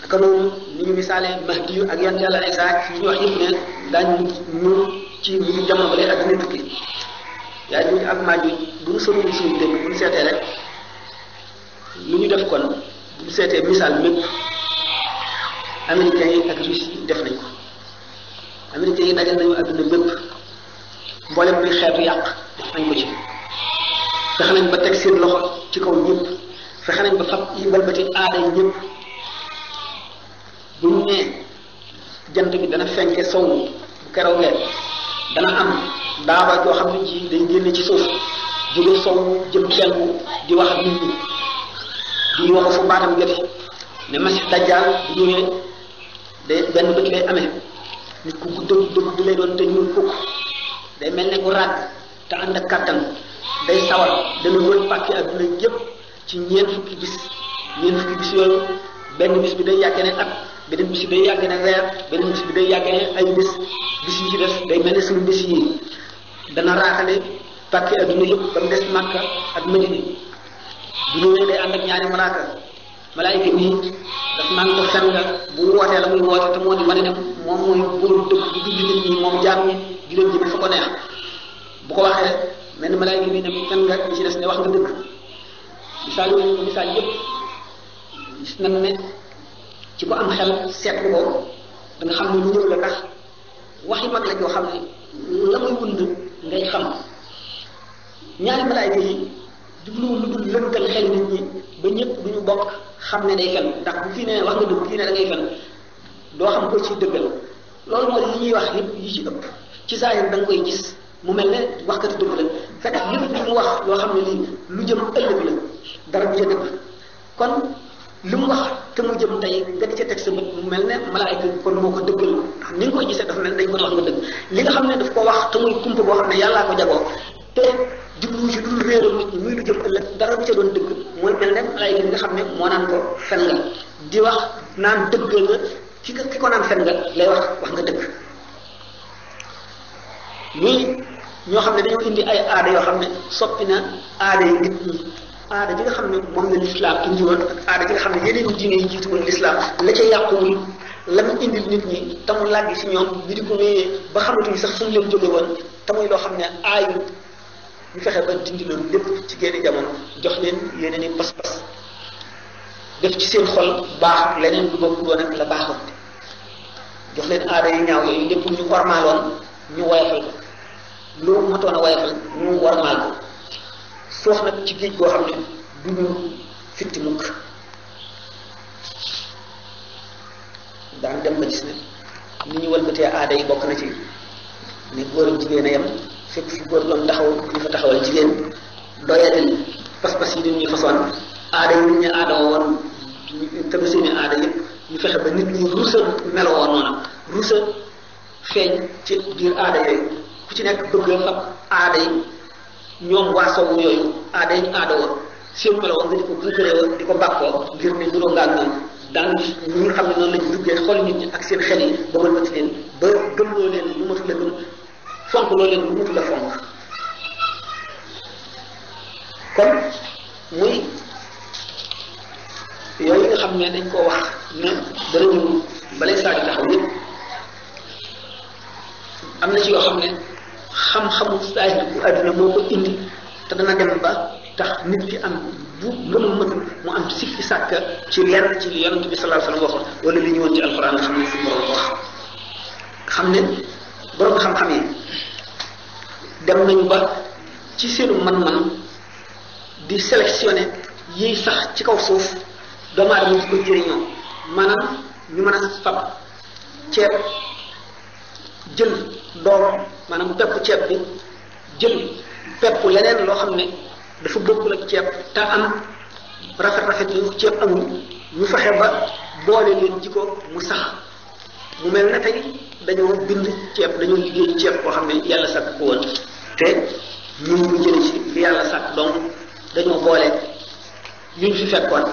naka noonu ni ñu misaalee mahdi yu ak yan yàlla Isa ci ñu wax yëpp ne daañu ñu ci mbiru ba àddina tukki yaa juuj ak ñu soriwul suñu bu ñu seetee kon bu ñu seetee misaal mépp américains yi ak russe yi def nañ ko américains yi dajal nañu àdduna bépp mboolem bi xeetu yàq def nañ ko ci. fexe nañ ba tek seen loxo ci kaw ñëpp fexe nañ ba fab yibal ba ci aaday ñëpp bu ñu jant bi dana fenké sow bu keroogee dana am daaba jo xamni ci day génne ci suuf jóge sow jëm fenku di wax nit ñi di wax fu baatam gëti ne ci dajjal bu ñëwee day bu ci lay amé nit ku gudd gudd lay doon te ñu ko day melni ko ku te ànd ak kàttan day sawar dana loon ak lu yépp ci ñeen fukki bis ñeen fukki bis yooyu benn bis bi day yàgg ne at beneen bis bi day yàgg ne weer beneen bis bi day yàgg ne ay bis bis yi ci def day mel ne suñu bis yi dana raaxale pàkki àdduna yépp ba mu des màkka ak madina bu ñu day ànd ak ñaari malaaka malaayika nii daf naan ko fen nga bu wootee la muy woote te moo di ma ne moom mooy buru dëgg bu dugg nit ñi moom jaam ñi leen jëme fa ko neex bu ko waxee mel malaay bi ne kan nga ci dess ne wax nga dëgg misaal yooyu ko misaal yépp gis na ne ci ko am xel seetlu ko da nga xam ne lu ñëw la tax waxi mag la joo xam ni la muy wund ngay xam ñaari malaayka yi jubluwul lu dul lënkal xel nit ñi ba ñëpp duñu bokk xam ne day fen ndax bu fi ne wax nga dëgg fi ne da ngay fen do xam ko ci dëggal loolu mooy li ñuy wax yëpp yi ci ëpp ci zahir da nga koy gis mu mel ne wax waxkati dëgg la fekk lépp lu mu wax loo xam ne lii lu jëm ëllëg la dara bu ca dëgg kon lu mu wax te mu jëm tey nga di ca teg sa bët mu mel ne malaayka kon moo ko dëggal ni nga koy dafa mel ne ko wax nga dëgg xam ne daf ko wax te muy kumpa boo xam ne yàllaa ko jagoo te jublu ci dul réeral nit jëm ëllëg dara du ca doon dëgg mooy mel ne nga xam ne moo naan ko fen nga di wax naan dëgg nga ki ki ko naan fen nga lay wax wax nga dëgg ñii ñoo xam ne dañoo indi ay aada yoo xam ne soppi na aada yi nit ñi aada ji nga xam ne moom la lislaam indi woon aada ji xam ne yeneen diine yi jiitu woon lislaam la ca yàquwul la mu indil nit ñi tamu làgg ci ñoom ñu di ko wéyee ba xamatuñu sax suñu leen jóge woon tamuy loo xam ne aayu ñu fexe ba dindi loolu lépp ci génn jamono jox leen yeneen i pas-pas def ci seen xol baax leneen lu bokkul woon ak la baaxoon jox leen aada yu ñaaw yooyu lépp ñu ñu woyofal ko lu matoon a woyofal ñu war maal ko suux nag ci géej goo xam ne du ñu fitti mukk daan dem ba gis ne ni ñu wëlbatee aada yi bokk na ci ne góor jigéen a yem fépp fi góor doon taxaw ñu fa taxawal jigéen doyadal pas-pas yi dañuy façon aada yi ñu aada woon tamit seeni aada yëpp ñu fexe ba nit ñi ruusa meloo woon noonu ruusa feeñ ci biir aada yooyu ku ci nekk bëgg fab aada yi ñoom waa sowwu yooyu aada yi ñu aada woon seen melo nga di ko puukaree woon di ko bàkkoo ngir ne nuroo nga ak ñoom daal ñi leen ba gëm loo leen lu matu yooyu nga xam ne dañ koo wax ne dana ñëw balay saa di taxaw yëpp am na ci yoo xam ne xam-xamu saahir bu àdduna moo ko indi te dana dem ba tax nit ki am bu mënul mënul mu am sikki sàkka ci lenn ci li bi sallallahu alayhi wasallam waxoon wala li ñu ci alxuraan xam ne suñu xam xam yi dem nañu ba ci seenu man-man di sélectionné yiy sax ci kaw suuf doomu aadama di ko jëriñoo maanaam ñu mën a fab ceeb jël dooro maanaam pepp ceeb bi jël pepp leneen loo xam ne dafa bokkul ak ceeb te am rafet rafet yu ceeb amul ñu faxe ba boole leen ji mu sax mu mel na tey dañoo bind ceeb dañoo liggéey ceeb koo xam ne yàlla sàkk ko te ñun ñu jële ci li yàlla sàkk donc dañoo boole yuñ ñu fi fekkoon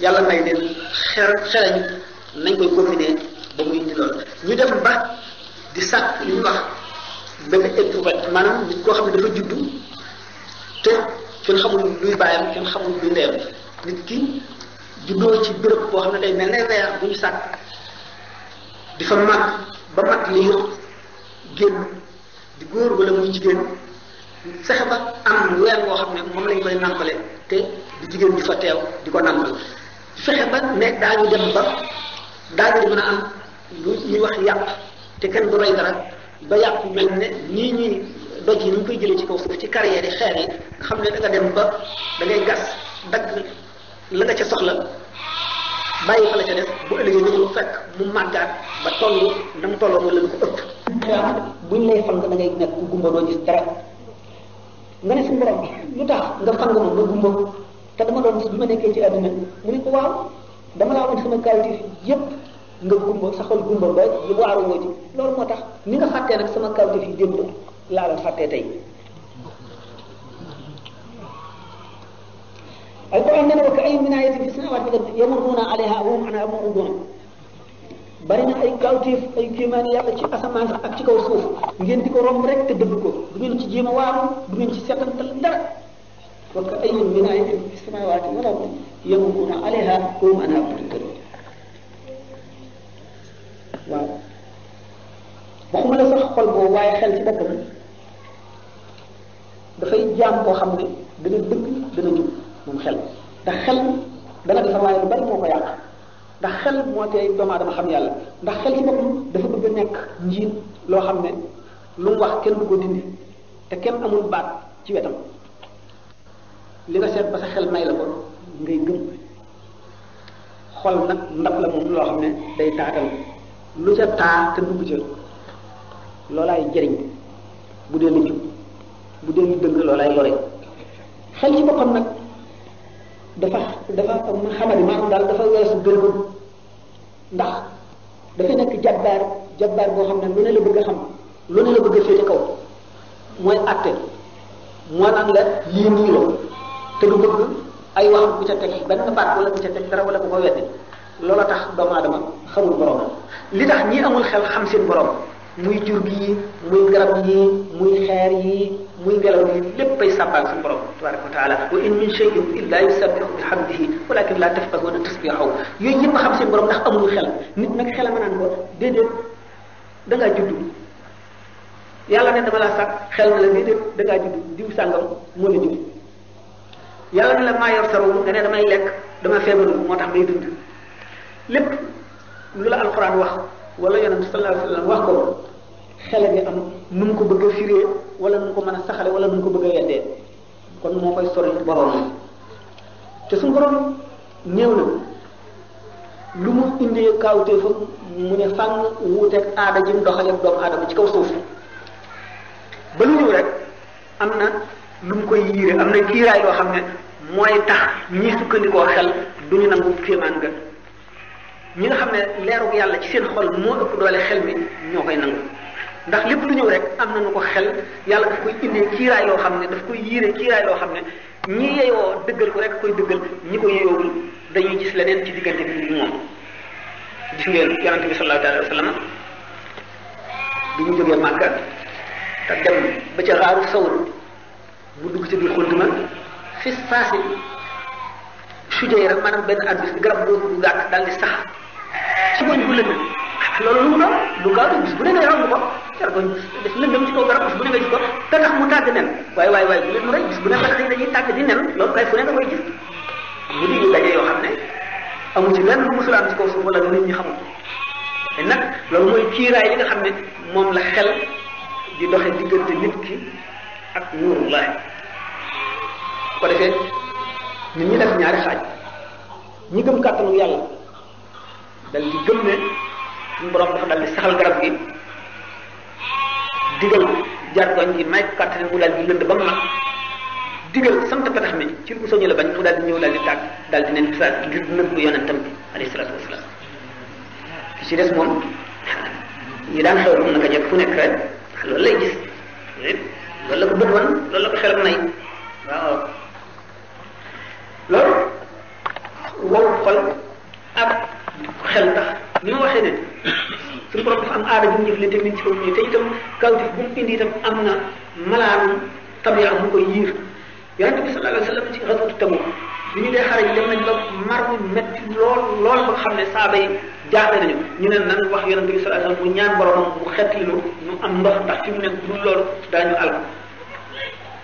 yàlla may leen xel xelañ nañ koy combiner ba muy indi loolu ñu dem ba di sàkk li ñuy wax benn éprouvé maanaam nit koo xam ne dafa juddu te kenn xamul luy bàyyam kenn xamul luy ndeyam nit ki juddoo ci béréb boo xam ne day mel bu ñu sàkk di ba mag di góor wala muy jigéen fexe ba am weer woo ne moom lañ koy nàmpale te di jigéen di fa teew di ko nàmpal fexe ba ne daañu dem ba am lu ñuy wax yàpp te kenn du roy dara ba yàqu mel ne ñii ñii doj yi koy jëlee ci kaw suuf ci carrière yi xeer yi xam ne da nga dem ba da ngay gas dagg la nga ca soxla bàyyi fa la ca def bu ëllëgee nga ñëw fekk mu màggaat ba toll na tolloo nga leen da ngay nekk ku gumba doo gis dara nga ne suñu borom lu tax nga fang ma ma gumba te dama doon gis bi ma nekkee ci àdduna mu ne ko waaw dama laa woon sama qualité yépp nga gumba sa xol ba waaru woo ci loolu moo tax ni nga fàttee nag sama kaw def yi démb laa la fàttee tey alquran nee na wa ka'ayyin min aayatin fi samaawaati wal ardi yamurruuna alayhaa wa ay kawtéef ay kéemaan yàlla ci asamaan sax ak ci kaw suuf ngeen di ko romb rek te dëgg ko du ngeen ci jéem a waaru du ngeen ci seetantal dara wa ka'ayyin min aayatin fi samaawaati wal ardi yamurruuna alayhaa wa hum waaw waxuma sax xol boobu waaye xel ci boppam dafay jaam koo xam ne dana dëgg dana jub moom xel ndax xel dana defar waaye lu bari moo ko yàq ndax xel moo tey doomu aadama xam yàlla ndax xel ci boppam dafa bëgg nekk njiit loo xam ne lu mu wax kenn lu ko dindi te kenn amul baat ci wetam li nga seet ba sa xel may la ko ngay gëm xol nag ndab la moom loo xam ne day taatal lu ca taa te dugg ca loolaay jëriñ bu dee lu jub bu dee lu dëng loolaay lore xel ci boppam nag dafa dafa xamadi maanaam daal dafa weesu gërëm ndax dafa nekk jabbaar jabbaar boo xam ne lu ne la bëgg a xam lu ne la bëgg a féete kaw mooy àtte moo naan la lii nii la te du bëgg ay wax bu ca teg benn baat wala bu ca teg dara wala bu ko weddi loola tax doomu aadama xamul boromam li tax ñi amul xel xam seen borom muy jur gi muy garab yi muy xeer yi muy ngelaw yi léppay sàbbaal suñu borom tabaraka taala wa in min shay'in illa yusabbihu bihamdihi walakin la tafqahuna tasbihahu yooyu yëpp xam seen borom ndax amul xel nit nag xelam naan ko déedéet da ngaa juddu yàlla ne dama la sàkk xel na la déedéet da ngaa juddu diw sàngam moo la juddu yàlla ne la maa yor saroon damay lekk dama feebaru moo may dund lépp lu la alquran wax wala yonent sallallahu alayhi wax ko xele bi am nu mu ko bëgg firee wala nu mu ko man a saxale wala nu mu ko bëgg a yeddee kon moo koy sori borom te suñu borom néew na lu mu indee kaawtee fa mu ne fànn wuuteeg aada ji mu doxalee doomu aadama ci kaw suuf ba lu ñëw rek am na lu mu koy yiire am na kiiraay yoo xam ne mooy tax ñi sukkandikoo xel du ñu nangu kéemaan ga ñi nga xam ne leerug yàlla ci seen xol moo ëpp doole xel mi ñoo koy nangu ndax lépp lu ñëw rek am na nañu ko xel yàlla daf koy indee kiiraay loo xam ne daf koy yiire kiiraay loo xam ne ñi yeyoo dëggal ko rek koy dëggal ñi ko yeyoogul dañuy gis leneen ci diggante bi moom gis ngeen yonente bi sallallahu alayhi wa sallam bi mu jógee Màkka te xaaru sawr mu dugg ci biir xuntuma fi saasi sujjee rek maanaam benn at bi garab boobu gàtt daal di sax ci mooy bu lëndëm loolu lu mu doon lu gaaw gis bu ne ngay romb ko jar ko def lëndëm ci kaw garab gis bu ne nga ko tax mu tàgg nen waaye waaye waaye bu leen rek gis bu ne balax yi dañuy tàgg di nen loolu kay fu ne nga koy gis bu di ñu daje yoo xam ne amu ci lenn lu musul am ci kaw suuf wala nit ñi xamul te nag loolu mooy kiiraay li nga xam ne moom la xel di doxe diggante nit ki ak nuurullahi ko defee nit ñi def ñaari xaaj ñi gëm kàttanu yàlla dal di gëm ne suñu borom dafa garab gi digal jargoñ gi may ko kàttan mu daal di lënd ba mu nag digal sant petax mi ci bu soñu la bañ mu daal di ñëw daal di tàgg daal di neen traat ngir nëbb yonentam bi alayhi salaatu ki ci des moom ñu daan xew moom naka jekk fu nekk rek ah loolu lay gis loolu la ko bët woon loolu la ko xelam nay waaw loolu wow xol xel ndax ni ma waxee ne suñu borom dafa am aada bu mu jëflante min te itam kawtif bu mu am na malaanu tabiya mu koy yiir yonent bi sallallahu alayhi ñu dee xare ji mar mu métti lool lool xam ne saaba yi jaaxle nañu ñu ne nan wax yonent bi sallallahu bu ñaan boromam bu xetli lu ñu am ndox ndax fi mu bu dul loolu daañu àll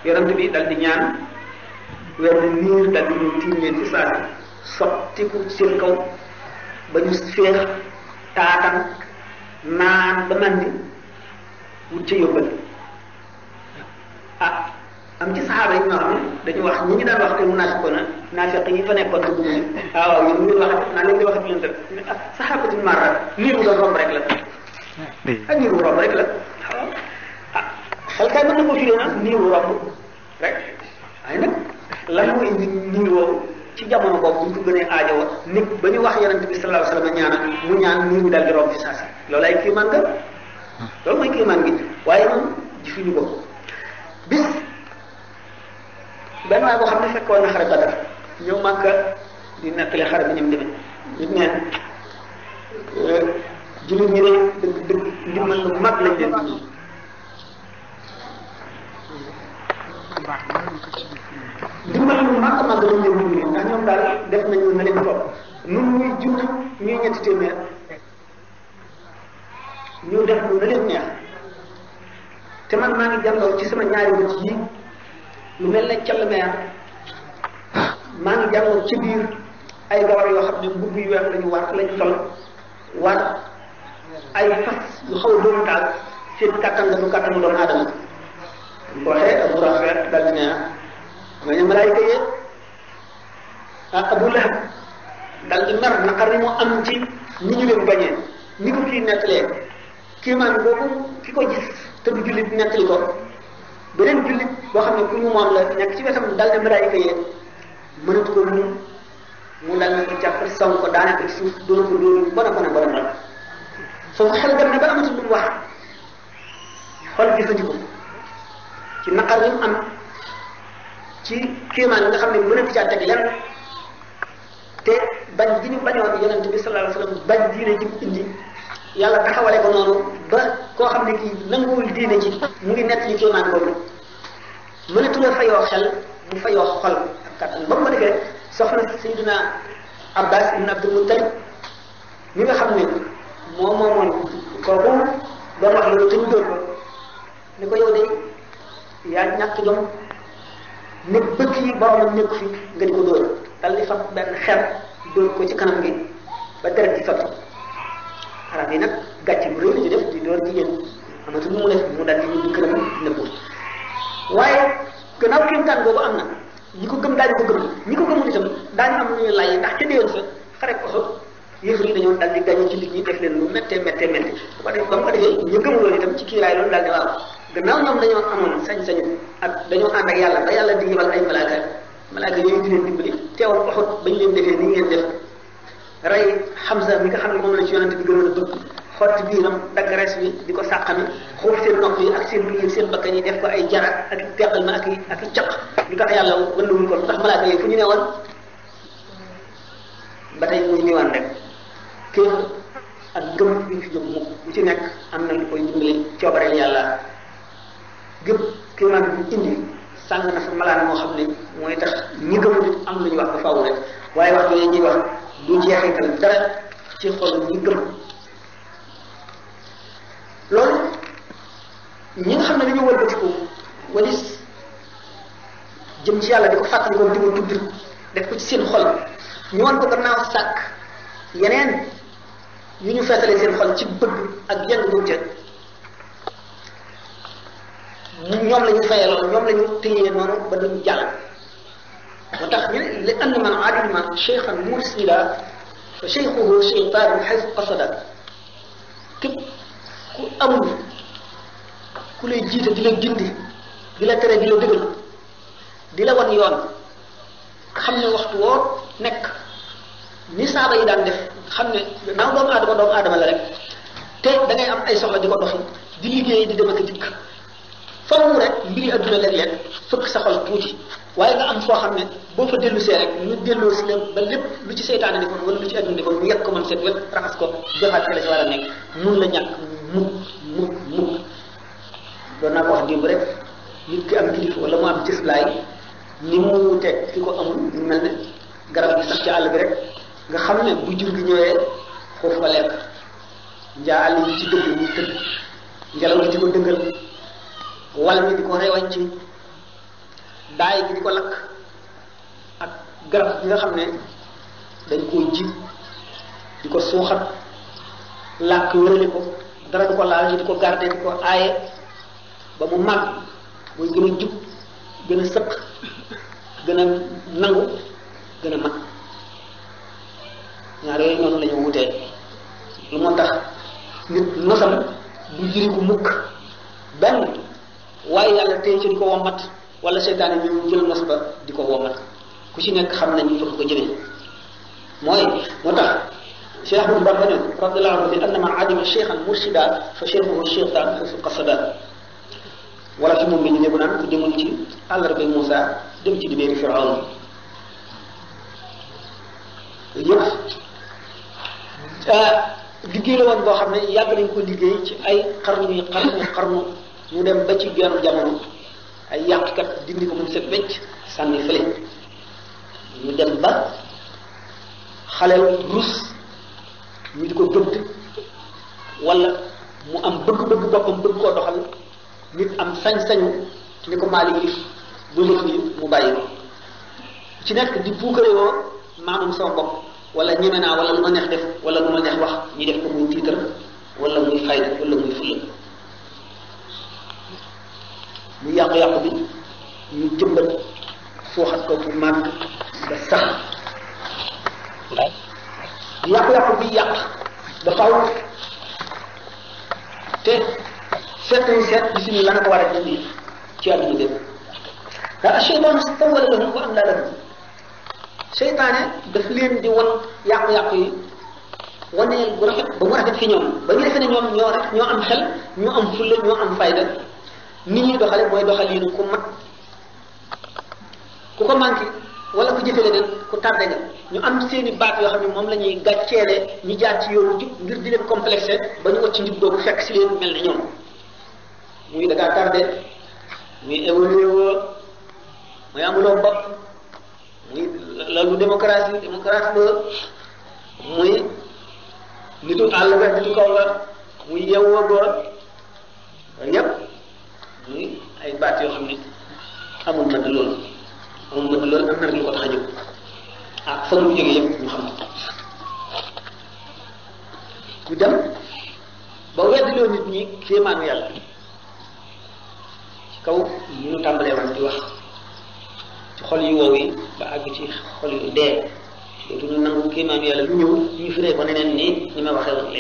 yonent bi dal di ñaan wenn niir dal di ñëw tiim leen ci sottiku seen kaw ba ñu féex taatan naan ba man ni wut ca yóbbal ah am ci saxaaba yi ñoo xam ne dañu wax ñi ñu daan wax te munaafiqoon na naafiq yi fa nekkoon te dugg ñu ah waaw yéen ñu wax naa leen di wax ak yéen tamit ah saxaabatul marra nii bu doon romb rek la. ak ah, niiru romb rek la waaw ah xel kay mën na ko firee nag niiru romb rek waaye nag lan mooy niiru woowu. ci jamono bobu buñ ko gëné aajo wa nit bañu wax yaronte bi sallallahu alayhi wasallam ñaana mu ñaan ni mu dal di romb ci sasi lolay ki man nga lool moy ki man gi waye mom jifi ñu ko bis ben way bo xamne fekkon na xare badar ñew makka di nakale xare bi ñim demé nit né julit ñi rek deug deug ñu man lu mag lañ leen mel nu màgg màgg lañ leen dimbali ndax ñoom daal def nañu na topp nun muy junni ñuy ñetti téeméer ñu def lu na leen te man maa ngi jàngal ci mel ne calmeer biir ay gawar yoo xam ne mbubb yu weex lañu war lañu sol war ay fas yu xaw a taal seen kàttan la du kàttanu doomu aadama boo xee ak bu rafet daal di ne ñooñu malaayika yi ah Abu Lahab dal di mer naqar mu am ci ni ñu leen bañee ni ko kii nettalee kiimaan boobu ki ko gis te du jullit nettali ko beneen jullit boo xam ne ku mu moom la nekk ci wetam dal di malaayika yi mënatu ko mu mu dal di jàpp song ko daanaka ci suuf doon ko doon bon a bon a bon a bon soo xel na ba amatul mu wax xol bi fa ci naqar li am. ci kéemaan nga xam ne mënatu caa teg lenn te bañ gi ñu bañoon yonent bi sallallahu alayhi wasallam bañ diine ji mu indi yàlla taxawale koo xam ne kii nanguwul diine ji mu ngi nett li kéemaan boobu mënatu la fayoo xel mu fayoo xol ak kattan ba mu ko defee soxna Seydina Abbas ibn Abdul Muttalib mi nga xam ne moo moomoon kooku ba wax loolu te ñu dóor ko ni ko yow de yaa ñàkk jom ne bëgg yi boromam nekk fi nga di ko dóor dal di fab benn xer dóor ko ci kanam gi ba deret di sotti arab yi nag gàcce bu réew la ñu def di dóor jigéen amatu lu mu def mu dal di ñu këram nëbbu waaye am na ñi ko gëm daañu ko gëm ko gëmul itam daañu am ñu laaj ndax ca déwén sa xare ko yëf yi dañoo dal di gàññi ci nit ñi def leen lu méttee méttee méttee ko def ba mu ko defee ñu gëm loolu itam ci kiiraay loolu daal di waaw gannaaw ñoom dañoo amoon sañ-sañu ak dañoo ànd ak yàlla ba yàlla di yebal ay malaaka malaaka yooyu di leen dimbali teewal Uhud ba ñu leen ni ngeen def rey Hamza mi nga xam ne moom la ci yonante bi gënoon di ko sàqami xóof seen nopp yi ak ko ay jara ak teqal ma ak i ak i caq lu tax yàlla wënduwul ko lu tax malaaka yooyu fu ñu ne woon ba tey mu ñëwaan rek kéem ak gëm bi ñu fi jóg ci nekk am na lu koy dimbali coobareel yàlla gépp kéemaan bi mu indi sàng na fa malaan moo xam ne mooy tax ñi gëmul it am lu ñu wax ba faaw rek waaye wax yooyu ñuy wax du jeexital dara ci xol ñi gëm loolu ñi nga xam ne dañu wëlbatiku walis jëm ci yàlla di ko fàttali ko di ko tudd def ko ci seen xol ñu wan ko gannaaw sàkk yeneen yu ñu feesale seen xol ci bëgg ak yëngu bu ñoom la ñu fayee loolu la ñu téyee noonu ba duñ jàll moo tax ñu ne li ann man alima cheikhan mursila fa cheikhuhu cheytaanu xaysu qasada képp ku amul ku lay jiite di la gindi di la tere di la dëggal di la wan yoon xam ne waxtu woo nekk ni saaba yi daan def xam na naaw doomu aadama doomu la rek te da am ay soxla di ko doxi di liggéey di dem ak dikk faww rek mbiri adduna léeg-léeg fëkk sa xol tuuti waaye nga am foo xam ne boo fa dellusee rek ñu delloo si la ba lépp lu ci seytaane defoon wala lu ci adduna defoon mu yegg ko mën set wet a nekk mun la ñàkk mukk mukk mukk doon naa ko wax démb rek nit ki am kilifa wala mu am cëslaay ni mu teg ki ko amul mel ne garab gi sax ci àll bi rek nga xam ne bu jur gi ñëwee xoofu ko lekk njaa àll ci dëgg tëdd ngelaw li ko dëngal wala ñu di ko reewañ ci daay gi di ko lakk ak garab gi nga xam ne dañ koo ji di ko suuxat làkk wërale ko dara du ko laal ñu di ko garder di ko aaye ba mu màgg muy gën a jub gën a sëq gën a nangu gën a mag ñaar yooyu noonu la wutee lu moo tax nit nosam du jiriku mukk benn waaye yàlla tey di ko wommat wala seytaane ñu jël nos ba di ko wommat ku ci nekk xam nañu fëkk ko jëmee mooy moo tax cheikh Ahmadu Bamba ne radiyallahu anhu bi annama adima cheikhan mursida fa cheikhuhu cheytaan fa suqa sadat wala fi moom bi ñu ne bu ku demoon ci àllarba Moussa dem ci dibéeri Firawna yëpp ah, liggéey la woon boo xam ne yàgg nañ ko liggéey ci ay xarnu yi mu dem ba ci genn jamono ay yàqkat dindi ko moom set wecc sànni fële ñu dem ba xaleel rus ñu di ko gëmt wala mu am bëgg-bëgg boppam bëgg koo doxal nit am sañ-sañu ni ko maali yi duma nii mu bàyyi ko ci nekk di puukare woo maamam sama bopp wala ñeme naa wala lu ma neex def wala lu ma neex wax ñu def ko muy tiitar wala muy fayda wala muy fulla mu yàqu-yàqu bi ñu jëmbat suuxat ko bu ba sax yàqu-yàqu bi yàq ba faw te seet ñu seet gis ñu lan ko war a dindi ci àdduna bépp ndax acheytaan ah, stawala lahum wa amla lahum seytaane daf leen di wan yàqu-yàqu yi waneel bu rafet ba mu rafet fi ñoom ñu ñoo rek am fayda nit ñi doxale mooy doxaliinu ku mat ku ko manqué wala ku jëfe leneen ku tardé nga ñu am seeni baat yoo xam ne moom lañuy ñuy gàcceele ñu jaar ci yoonu jub ngir di leen complexé ba ñu wacc njub googu fekk si leen mel ne ñoom muy dangaa tardé muy évolué woo muy amuloo bopp loolu démocratie démocrate la muy nitu àll nga ay baat yoo xam ne amul mëdd loolu amul lu dem ba weddiloo nit ñi kéemaanu yàlla ci kaw ñu tàmbalee woon di wax ci xol yu wow yi ba àgg ci xol yu dee dootuñu nangu kéemaanu yàlla lu ñëw ñu firee ko neneen nii ñu ma waxee woon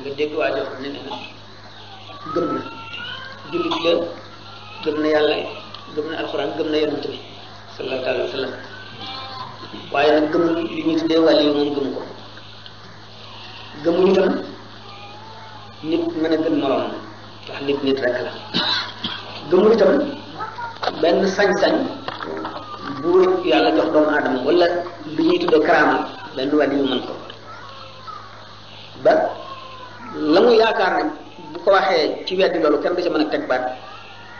nga dégg waa xam ne nee na julit la gëm na yàlla gëm na alquran gëm na yonent bi sallallahu alayhi wa sallam waaye nag gëmul li ñu tuddee wàll moom gëm ko gëmul itam nit mën a gën morom ndax nit nit rek la gëmul itam benn sañ-sañ bu yàlla jox doomu aadama wala li ñuy tuddee karaama benn mën ko ba la mu yaakaar bu ko waxee ci weddi loolu kenn du ci mën a teg baat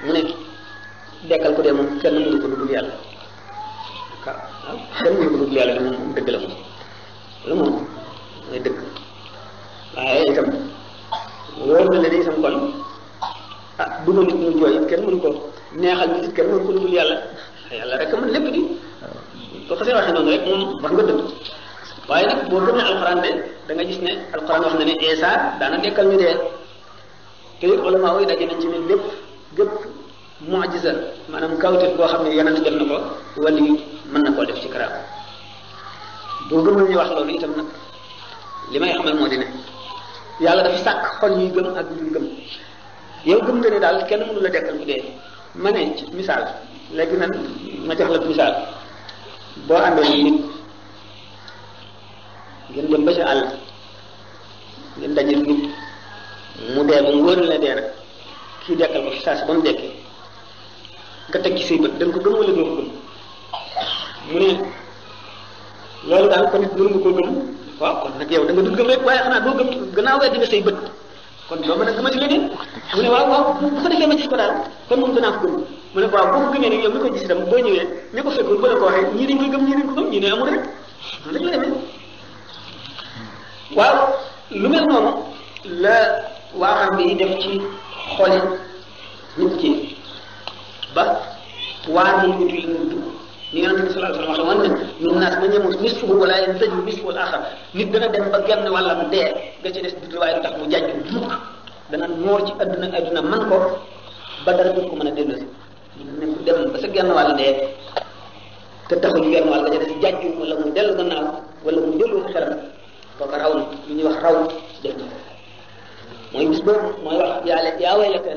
mu ne dekkal ku dee moom kenn mënu ko dudul yàlla waaw kenn mënu ko dudul yàlla moom moom dëgg la moom lu mu ah, jooy ko neexal nit it kenn mënu ko dudul yàlla yàlla rek mën lépp di ko xasee waxee noonu rek moom wax nga dëgg waaye nag boo gëmee alxuraan de da nga gis ne alxuraan wax na ne Isa daana dekkal ñu dee te it ulama yi daje nañ ci ne lépp gépp mu'jiza maanaam kawteef boo xam ne yonent def na ko wala mën na koo def ci karaama boo gëmul ñu wax loolu itam nag li may xamal moo di ne yàlla dafa sàkk xol ñuy gëm ak ñu gëm yow gëm nga daal kenn mënu la dekkal bu dee ma ne misaal léegi nan ma jox la misaal boo àndoon nit ngeen dem ba ca àll ngeen daje nit mu dee mu wóor la dee nag kii dekkal ko saa si ba mu dekkee nga teg ci say bët da ko gëm wala doo ko gëm mu ne loolu daal kon nit nga ko gëm waaw kon nag yow da nga dul gëm rek waaye xanaa doo gëm gannaaw weddi nga say bët kon doo mën a gëmati leneen mu ne waaw waaw bu ko defee ma gis ko daal kon moom danaa ko gëm mu ne waaw boo ko gëmee nag yow ko gis itam boo ko fekkul ba la ko waxee ñii dañ koy gëm ñii dañ ko gëm ñii ne amul rek loolu la demee waaw waaxam bi di def ci xoli nit ki ba waane yi wutu yi ñu dugg ni yonent bi sallallahu alayhi wasallam waxoon ne min naas man yamuutu nisfuhu wa laa yantaji nisfuhu al-aaxar nit dana dem ba genn wàllam dee nga ci des dund waaye du tax mu jàjj mukk dana noor ci àdduna àdduna man ko ba dara du ko mën a dellusi ne ku dem ba sa genn wàll dee te taxul genn wàll nga ci des jàjj wala mu dellu gannaaw wala mu dellu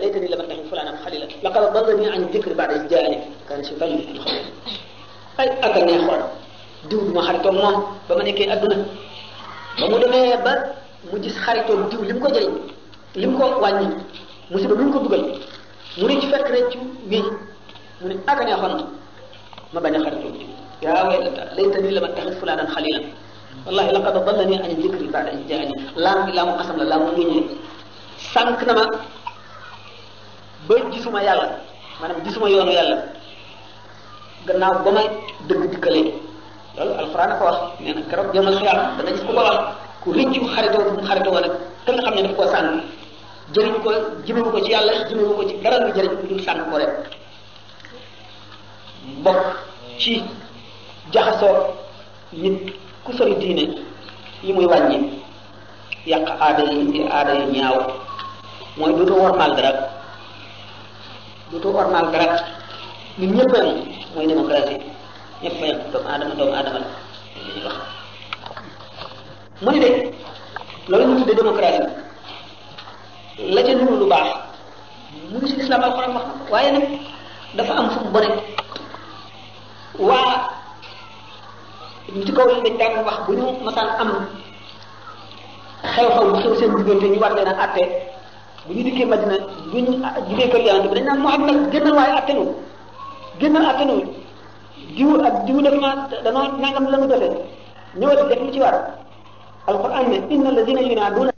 ليتني لم أنتحي فلانا خليلا لقد ضلني عن الذكر بعد إجاني كان شفاني في الخبر أي أكرني أخوانا دود ما خريطه مام بمن يكي أدنا بمدمي بس مجيس خريطه دود لمكو جري لمكو واني مصيبة لمكو بغل مريج فكرت مي من أكرني أخوانا ما بني خريطه دود يا ويلتا ليتني لم أنتحي فلانا خليلا والله لقد ضلني عن الذكر بعد إجاني لا لا مقسم لا مؤمن سانك نما ba gisuma yàlla maanaam gisuma yoonu yàlla gannaaw ba ma dëgg dikkalee loolu alxuraan a ko wax nee na keroog jëmal xiyaam da nga gis ku ko wax ku rëccu xaritoo xaritoo nag te nga xam ne daf koo sànni jëriñu ko jëmewu ko ci yàlla jëmewu ko ci dara lu jëriñ lu dul sànni ko rek bokk ci jaxasoo nit ku sori diine yi muy wàññi yàq aada yi aada yi ñaaw mooy du dara dutu ormal dara ñun ñëpp a mooy démocratie ñëpp a doomu aadama doomu aadama la mu ne de loolu ñu tudde démocratie la ca nuru lu baax mu ngi si islam alxuraan wax waaye nag dafa am fu mu dañ daan wax bu ñu masaan am xew-xew bu xew seen diggante ñu war leen a àtte bu ñu dikkee Madina bu ñu jugee kër yonent bi dañ naan Muhammad génnal waaye attanu génnal attanu diw ak diw def naa danoo nangam la mu defee ñëwal def lu ci war alquran ne inna alladina yunaaduna